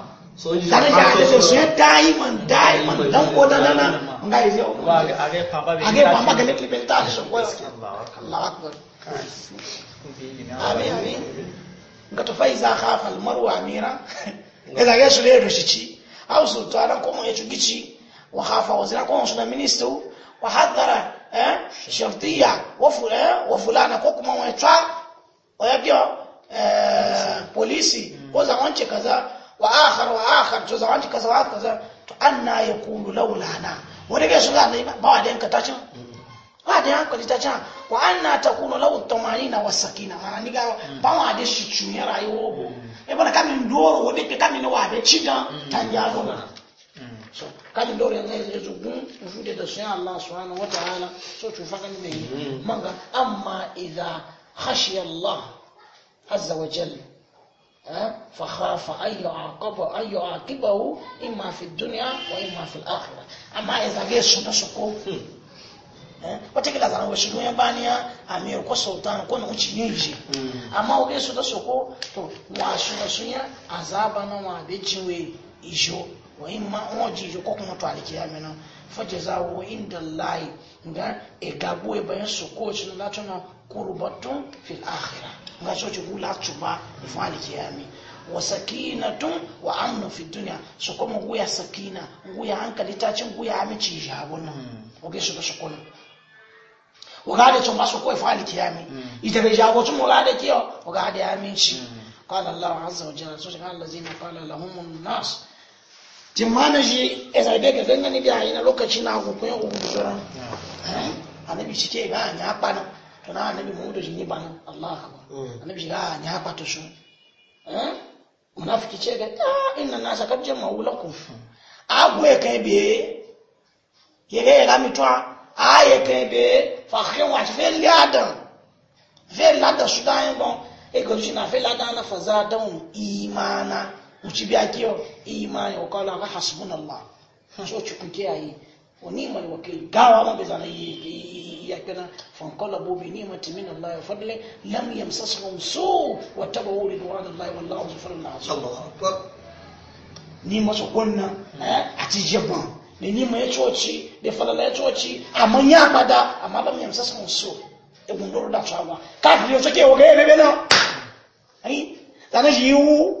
daraja ake so su ye daiman daiman dan ko dan dana nga yi zai ogun age pamba ga lekli bin tafi so koyo Allah akbar amin ga to faiza khafa al marwa mira ida ga su le shi ci aw su to ran ko mo ya gici wa khafa wazira kuma su da ministu wa hadara eh, eh wa fulana ko kuma wa twa wa yabiyo eh polisi ko za wanche kaza wa akhar wa akhar to zawanci kaza wa kaza to anna yaqulu laulana wani ga shi zai ba wa da tashin ba da hankali ta can wa anna takunu lahu tamanina wasakina ma ni ga ba wa da shi cunya rayuwa go e bana kamin doro wode ke kamin wa da cidan tan ya go so kamin doro yanzu ya zugun ufude da sun Allah subhanahu wa ta'ala so tu fakan mai manga amma idza khashiya Allah azza wa فخاف أن يعاقبه أن يعاقبه إما في الدنيا وإما في الآخرة أما إذا جاء سنة سكو watakila zana wa shigo ya baniya amir ko sultan ko na wuce yeji amma o gaisu soko to wa shi azaba na wa ijo wa in ma ijo ko kuma to alkiya mena za wa inda allahi ga e gabo e bayan soko na tuna fil akhira nga so ci hula tsuba ifan alikiyami wa sakinatun wa amnu fi dunya so kuma nguya sakina guya hankali ta cin nguya amici jabun hmm. oge su da su kuna ugade tsumba so ko bai alikiyami hmm. itere jabo tsumo ugade kiyo ugade amici قال الله عز وجل سبحان الذين قال nas Ti jimana shi I ibe ga dangane da ayi na lokaci na gugu ya gugu sura hmm. eh? anabi shi ke ba anya kpana to na annabi muhammadu shi ne ban allah akbar hmm. annabi shi ga ni hapa to sun eh? munafiki ce ga ta ah, inna nasa kad jama'u lakum agwe kai be yere ga mitwa aye kai be fa khin wa fe liadan fe ladan sudan bon e go shi na fe ladan na fa dan imana uci bi akio imani wa qala hasbunallah so ci ayi ونعم الوكيل قاوة ما بزانا يكنا فانقلبوا بنعمة من الله وفضله لم يمسسهم سوء واتبعوا رضوان الله والله ذو فضل عظيم الله أكبر نعمة سكونا أتجبان نعمة يتوتي بفضل يتوتي أما يعبد أما لم يمسسهم سوء egun doro da tsawa kafin yau take wa ga yabe na ai zanaji yiwu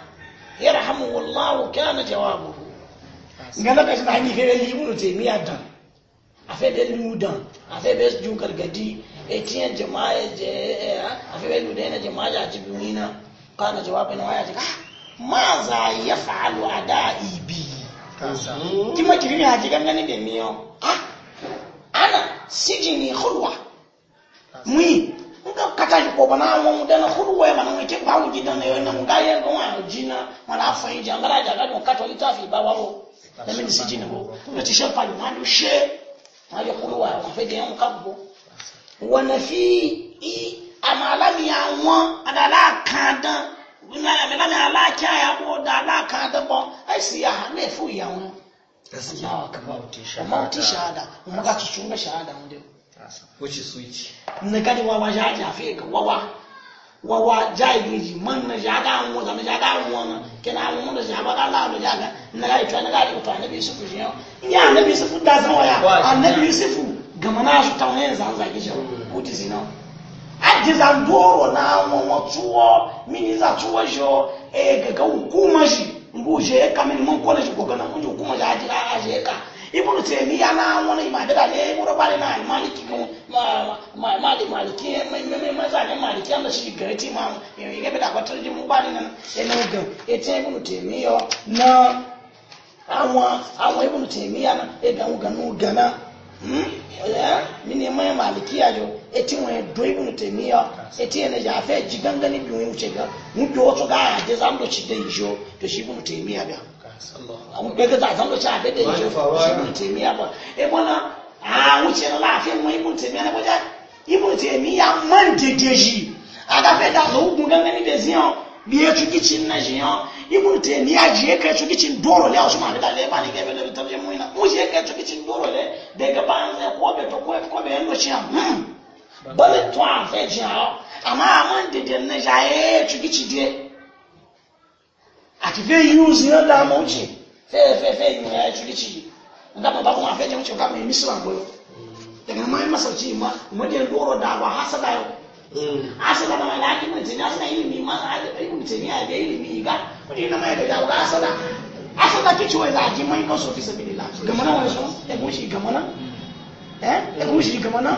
yarhamu wallahu e e e, kana jawabu nga lokacin da hanyar fere liburu taimiyya dan a fere ludan a fere su gargadi e tiyan jama'a je a fere ludan yana jama'a ya ci biyu na kana jawabin na waya jika ah, ma za ya fa'alu a da'i bi ki ma kirimi haji gangan da miyo ah, ana sijini khulwa mui nga kata jikpo bana awon dana hudu waya bana ngite ba wu jidan na yoyin na mu gaye ga wa jina mana afa yi janga da jaga don kato ita fi ba wawo da min si jina bo na ti shepa ni mando she ma yo kulu wa wa fe de yan ka wa na fi i amala mi awon ada la kan dan na na mi na mi ala ki aya bo da la kan dan bo ai si ya ha ne fu ya won Allahu akbar ti shahada. Mu ga ci shahada mu wace suici nagari wawa jaji afi ka wawa wawa jaji man na jaga mu da na jaga mu na kina mu da jaba da Allah da jaga na ga ita na ga ita na bi su ku jiyo ya na bi su ku da zan waya annabi yusufu gama na su tawne zan zage shi ku ti zina aji zan doro na mu mu tuwo mini za tuwo jo e ga ga hukuma shi mbuje ka mini mun kona shi ko ga na hukuma jaji a je ka ibunu ya na wani ibadada ne bari na maliki gun mali maliki mmemme e, maza ne maliki yanda shi ti ma yi ne bada kwatar ji na ene na awon na na na ya jo eti wọn do ibunu temiya eti na ya fẹ ji gangan ni bi wọn wuce ga mu bi otu ga ya je zan àwọn gbẹgẹ tó àtàn ló ṣe àdédé yìí ṣùgbọ́n tèmi àbọ̀ ebó náà àwọn ṣe láàfin mọ ibùn tèmi ẹni kọjá ibùn tèmi yà máa ń dèdè yìí agáfẹ́ dà lóògùn gángan níbi èsì bí etu kìchì ń nàjì hàn ibùn tèmi àjì ẹkẹ etu kìchì ń dòrò lẹ ọsùn àbídà lẹ bá gẹbẹ lẹbi tàbí mú iná mo ṣe ẹkẹ etu kìchì ń dòrò lẹ dẹgẹ bá ń sẹ kọ tó kọ ẹkọ ọbẹ ẹnu ṣe hàn tó àfẹ́ jì àti fẹ́ yúùsì náà dá mọ́ ṣe fẹ́ẹ̀fẹ́fẹ́ ìyẹn ẹ̀tùdíṣì ndàpọ̀ bá kún àfẹ́ jẹun ṣe kàmì hmm. ní sílá gbọ́yọ̀ daga mai masauci ma mọ́dé lóró da wa hasada yau hasada da wala ake mutum ya suna ilimi ma ilimi mutum ya da ilimi ga kudi na mai da dawo ga hasada hasada ke ciwo za a ji mai kasu fi sabi da la gamana wani sun da gushi gamana eh da gushi gamana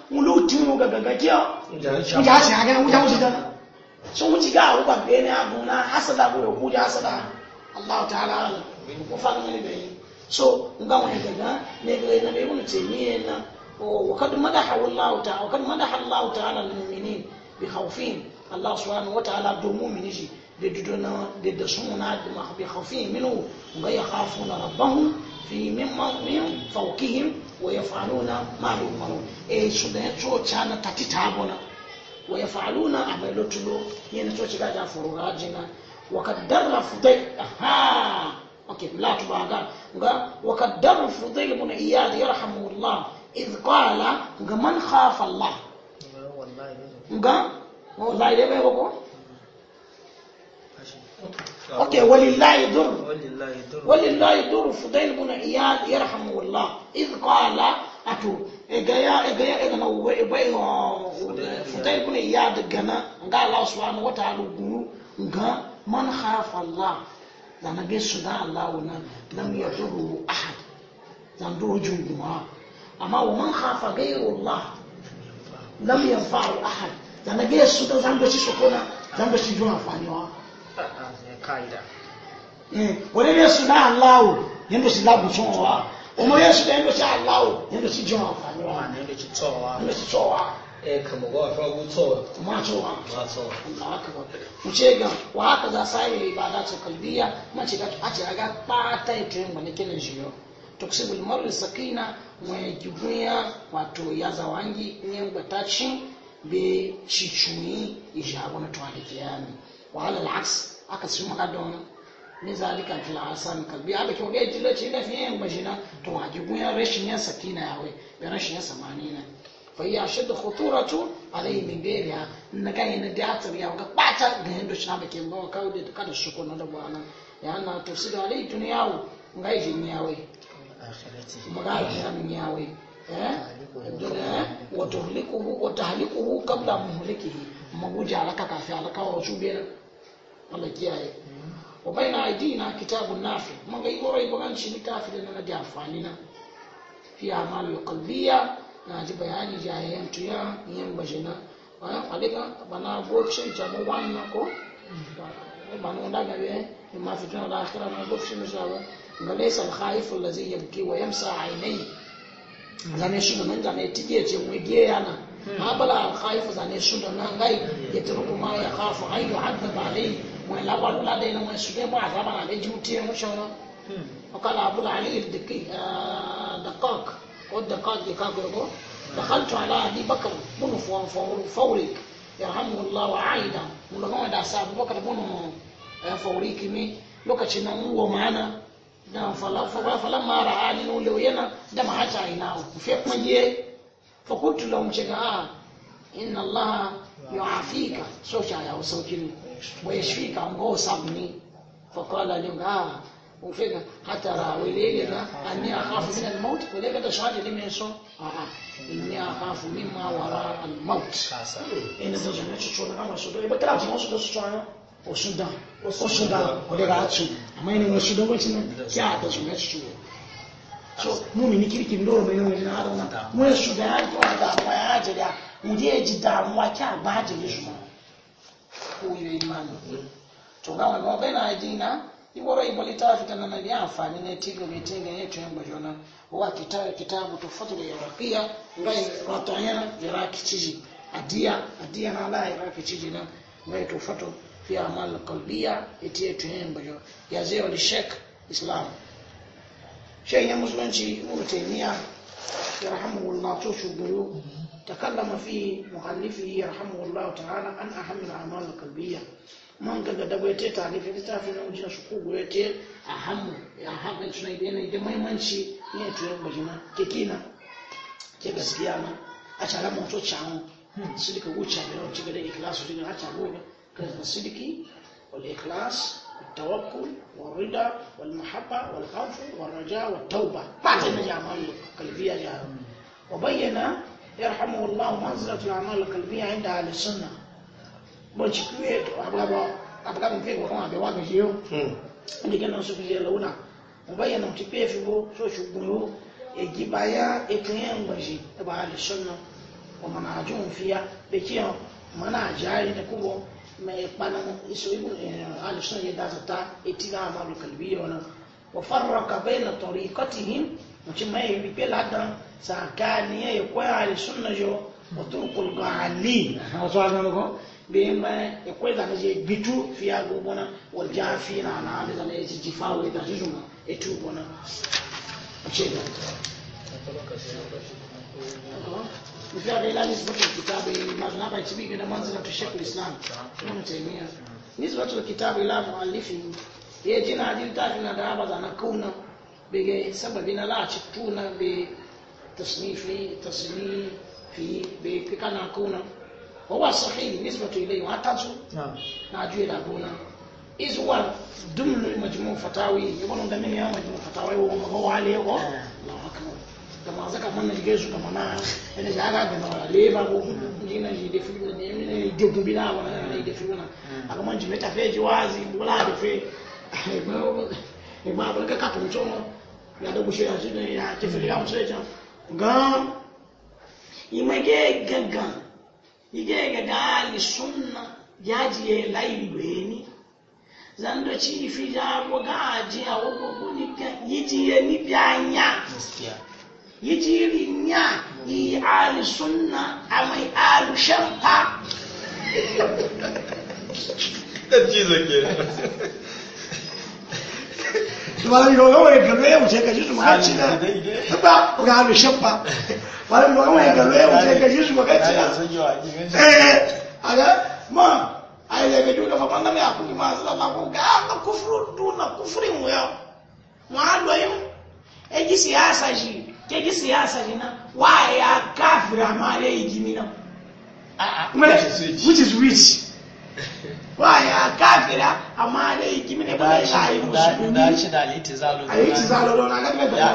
ulu tinu ga gagagiya wuja shi haka wuja wuji dana sun wuci ga abu ba gani abu na hasada ko ya kuja hasada Allah ta'ala ala ko fagin ne bai so in ga wani daga ne ga na bai mun ce ni na wa kad madaha wallahu ta'ala wa kad madaha Allah ta'ala lil mu'minin bi khawfin Allah subhanahu wa ta'ala do mu'mini shi da dudona da da suna da bi khawfin minu ga ya khafuna rabbahum fi min min fawqihim wa yaf'aluna ma yu'marun e su da to chana tati tabona wa ya yaf'aluna amalo tulo yana to chiga ja furuga jina wa qaddara fudai aha okay la tubaga nga wa qaddara fudai ibn iyad yarhamullah idh qala ga man khafa allah nga wallahi dai bai ko اوكي ولله يضر ولله يضر فضيل بن عياد يرحمه الله اذ قال اتو اجايا اجايا اجنا وبي فضيل بن عياد جنا قال الله سبحانه وتعالى غا من خاف الله لما جيش دا الله لم يضره احد لم زندو جمعه اما ومن خاف غير الله لم ينفعه احد لما جيش دا زندو شي سكونه زندو شي جوا فانيوا [laughs] kaida eh, Wani wore yesu na allah yendo si labu tun wa omo yesu da yendo si allah yendo si jin afani wa na yendo si to wa yendo si to wa eh kamo go fa go to ma to wa ma to wa haka ba uce ga wa haka za sai ibada ta kalbiya mace ga a ce ga pata ito yin wani kinin jiyo tuksibu marar sakina mai gibuya wato ya zawangi yin batacin bai cicuyi ijabu na tuwa da kiyami wa alal aks aka su maka dona min zalika fil asan kalbi aka kyau dai jilo ci da fiye mashina to wajibu ya rashin ya sakina ya wai da rashin ya samanina. na fa ya shaddu khuturatu alayhi min gairiha na kai na da ta ya ga bata ga yando shi ba ke ba ka da kada su ko na da bana ya na tafsira alayhi dunyawo ngai jin ya wai magana ya min ya wai eh? wa tuhlikuhu wa tahlikuhu qabla muhlikihi maguja alaka kafi alaka wa su bena Allah kiyaye wa baina aidina kitabun nafi mun ga igoro ibogan shi kafir na da amfani na fi amal kalbiya na ji bayani jayayen tuya yin bajina bayan kwaliga bana gocin jamu wannan ko ba na wanda gabe ma fitina da akhira na gocin jamu ga laysa al-khaif allazi yabki wa yamsa a aynayhi zane shi da nan zane tige ce mu ge yana hmm. ma bala al-khaif zane shi da nan gai ya turku ma ya kafa khafu ay ba alayhi wani labarin lada yana wani su mu azaba na leji mutu ya mushe wani wakala abu da alil da kok ko da kok da kok ko da kaltu ala abi bakar bunu fuwan faurik yarhamu allah wa aida mulama da sa abu bakar bunu faurik ne lokacin nan uwa mana da falan mara halin ulo yana da mahata ina kufe kwanye fakultu lahum shiga inna allah yu'afika so shaya wa saukin ويشفيك عن صبني فقال لهم ها وفينا حتى راويلينا أني أخاف من الموت وليه قد أشهد لي من يسوع إني أخاف مما وراء الموت إن الزوجين يشوفون أما سودان يبقى تعرف ما سودان سودان وسودان وسودان وليه قاعد سودان أما إن السودان وين كيا تزوجين يشوفون so mumini kirki ndoro mai nuna jina haruna mu ya shugaba ya ji damuwa ya ji damuwa kya ba ta yi shi kuyo imani tugala no bena idina iworo ibo litafi na na afa ni netigo mitenge yetu yambo jona wa kitabu kitabu tofauti ya rakia ngai ratayana iraki kichiji adia adia na la iraki kichiji na ngai tofauti fi amal qalbiya eti yetu yambo jo yazeo ni shek islam sheikh ya musulunci murtaniya يرحمه الله تشبه تكلم في مؤلفه يرحمه الله تعالى عن أهم الأعمال القلبية من قد دبيتي تعريف لتعرفين وجنا شكوك ويتي أهم أهم شنو يدينا يدي ما يمنشي يتو يبجنا كيكينا كيكسكيانا أشعر موتو تشعون سيدك وجه بيرو تجد إخلاص وتجد أشعر وجه كذا سيدكي والإخلاص التوكل والرضا والمحبة والخوف والرجاء والتوبة بعد الأعمال القلبية يا وبين يرحمه الله منزلة الأعمال القلبية عند أهل السنة بوشكويت أبغى أبغى من فيك وكما بيوا بيجيو اللي كان نصف يلونا وبين متبيه في بو سو شغلو يجيبايا يتنين بجي أبغى أهل السنة ومناجون فيها بكيهم مناجعين تكوبهم mai kpanan iso ibn e, alisun ya dazu ta eti na amalu kalbi yau nan wa farraka bai na tori kotihim mutum mai yi rufe ladan tsakani ya yi koya alisun na yau mutum kulga ali a wasu hannun ko bai mai ya koya da je gitu fiya gobona wal jafi na na da zane ya ci jifa wa ita su zuma ya bona gobona ce da e mfira ila nisbatu kitabu maznaba itibiki na manzi na tusheku islam tuna taimia nisbatu kitabu ila muallifi ye jina hadi tafi na daba za nakuna bege sababi na la chituna be tasnifi tasni fi be kana kuna huwa sahihi nisbatu ilayhi watatu na ajue la kuna izu wa dumlu majmu fatawi yabona ndamini ya majmu fatawi wa mawali wa Allahu akbar gama saka mana jige su gama na ene ja ga gama wala le ko ni na fi ko ni ne yi ku bi na wala ne de fi ko na aka man ji meta fe wazi wala de fe ma ba ka ka tun tsono ya da ku ya ji ya ti fi ya sai jan ga yi ma ge gaga yi ge gaga ali sunna ya ji ye lai we ni zando ci fi ja ko ga ji a ko ko ni ka yi ji ni yi jirin ya yi ali sunna a mai alu sharfa ɗan cizo tumarin yau ka ji su na ba ga sharfa yau yau ka ji su na eh aga ma ai ga duka fa ma sallallahu alaihi wasallam ga kufru duna kufrin wa yau e siyasa ji kegi siyasa ne na waye ya kafira ma ya yi gimi na which is which Wa ya kafira ma ya yi gimi ne ba yi musu. da shi da aliti zalo a yi zalo don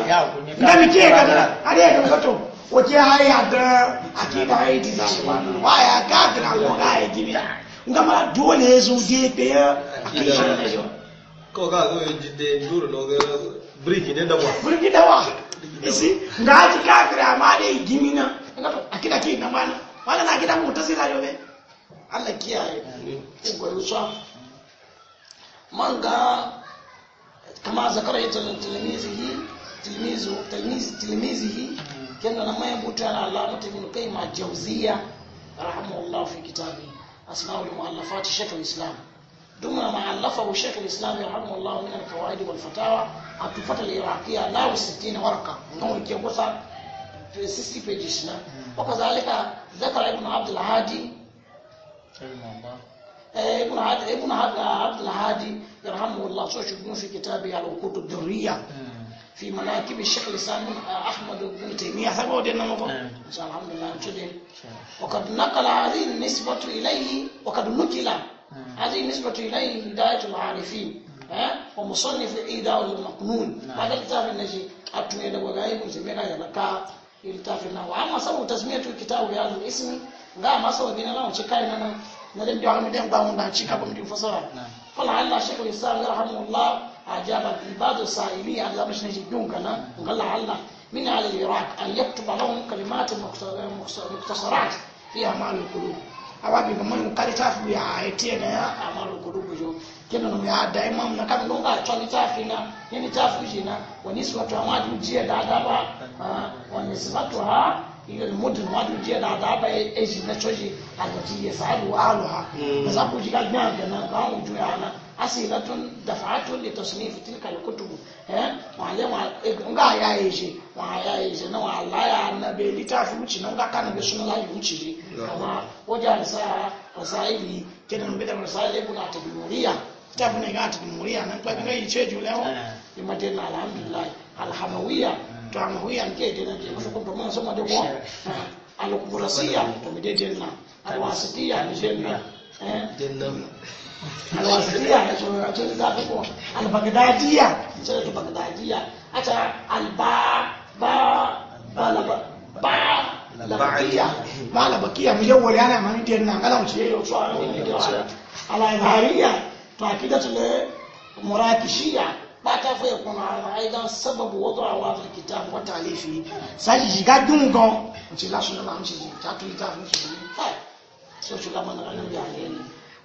ya kunye ka mi ke ka dara har a kan a da, a ya da akida ya yi zalo ya kafira ko ga ya gimi nga ma dole ya zo gefe ya akida ko ka zo ya jide duro no ga Biriki ne da wa Biriki da wa isi ngaji kakira amma dai gimina akida ke na mana wala na gidan mutasila yobe Allah kiyaye in e gwaru e sa man kama zakara ita tilmizihi tilmizu tilmizi tilmizihi kenda na maya buta na alama ibn qayyim al-jawziya rahimahullah fi kitabi asmaul muallafat shaykh al-islam ثم ما ألفه الشيخ الإسلام رحمه الله من الفوائد والفتاوى التوفة العراقية لا وستين ورقة نور كي كيوغوسا في 60 pages وكذلك ذكر ابن عبد الهادي إيه، ابن عبد ابن عبد الهادي يرحمه الله شو شو في كتابه على الوقوت الدرية آه. في مناكب الشيخ الاسلامي احمد بن تيميه ثبوا دي نمو الحمد لله وقد نقل هذه النسبه اليه وقد نقل نعم. هذه نسبة إليه هداية العارفين ومصنف إيداء المقنون هذا نعم. الكتاب الذي أتمنى لغاية مزمنا يلقى الكتاب النهو أما سبب تسمية الكتاب بهذا الاسم لا ما سبب بنا لا نعم، وشكاية لنا نلم دعوة مدين باون دعوة شكا بمدين فصرا فلعل شيخ الإسلام يرحمه الله أجاب العباد السائلين على مش نجد دونك كنا قال لعل من على العراق أن يكتب لهم كلمات مختصرات فيها معنى القلوب awa bi man kali tafi ya ite na ya amaru kudu kujo kina no ya da imam na kan longa chali tafi na yini tafi jina wani su watu wa ju jia da da ba wani su watu ha ile mudu wa ju jia da da ba e jina e, choji alati ya salu alu ha za hmm. ku jiga gna na ga ju ya na asilatun dafa'atun li tasnif tilka alkutub eh wa ya wa nga ya yeje wa ya yeje na wa la ya na be litafi wuci na ga kana be layi wuci ji amma wajen sa wasaili kenan bi da misali ibn at-tadmuriya ta bin ga at-tadmuriya nan ba ga yice julewo imate na alhamdulillah alhamawiya to amawiya ke da na je kuma da to mi eh jenna alwasiriya na sauran a cikin zafi ko albagdadiya sai to bagdadiya a ta alba ba ba ba labakiya ba labakiya mu yau wani ana mani tiyan nan galan ce yau da alhariya to murakishiya ba ta fa kuma aidan sababu wato a wato kitab wa talifi sai jiga dungo ce la sunan amshi ta tuita mu shi fa so shugaban ranar yayin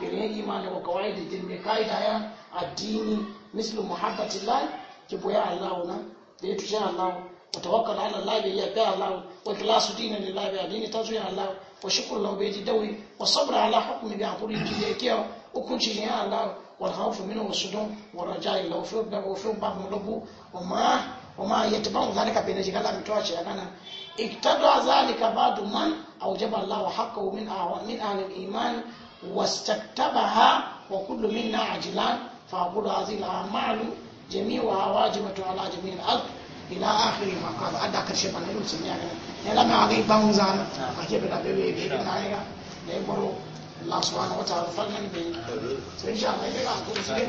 gare imani wa kawaidi jirmi kaida ya addini mislu muhabbati lai ki boya Allah na da ya tushe Allah wa tawakkal ala Allah bi yabi Allah wa ikhlasu dinin lillahi bi addini tazuya Allah wa shukru lahu bi dawi wa sabra ala hukmi bi aquli ki yakiya hukunci ya Allah wa khawfu minhu wa sudum wa raja'i lahu fi ba wa fi ba mulubu wa ma wa ma yatba'u dhalika bi najika la mitoache kana iktada dhalika ba'du man awjaba Allah haqqahu min min ahli al-iman واستكتبها وكل منا عجلان فأقول هذه الأعمال جميعها واجبة على جميع الأرض إلى آخر ما قال أدى كرشي بنا يقول سمي أنا يعني لما أغيب بانزان أكيب لا بيبي بيبي نايا ليبرو الله سبحانه وتعالى فلن بي إن شاء الله يبقى أقول سمي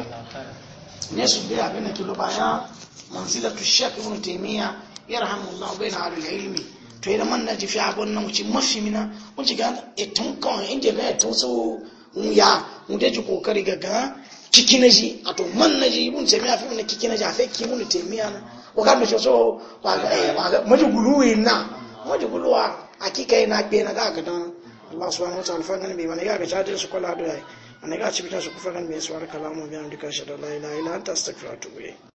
نسب بها بنا كيلو بايا منزلة الشيخ ابن تيمية يرحم الله بين أهل العلمي to yana manna na ji fi abon na mafi mina muci ga etun kan inda ga etun so mu ya mu da ji kokari ga ga kiki na ji a to man na ji ibun tamiya fi na kiki na ji a fe ki mun na o ga mace so wa ga eh, maji na maji guluwa akika ina gbe na ga ga dan Allah subhanahu wa ta'ala fa bai wani ga ga su kula da wani ga ci bitan su kufa bai duka shi da la ilaha illa anta astaghfiruka wa atubu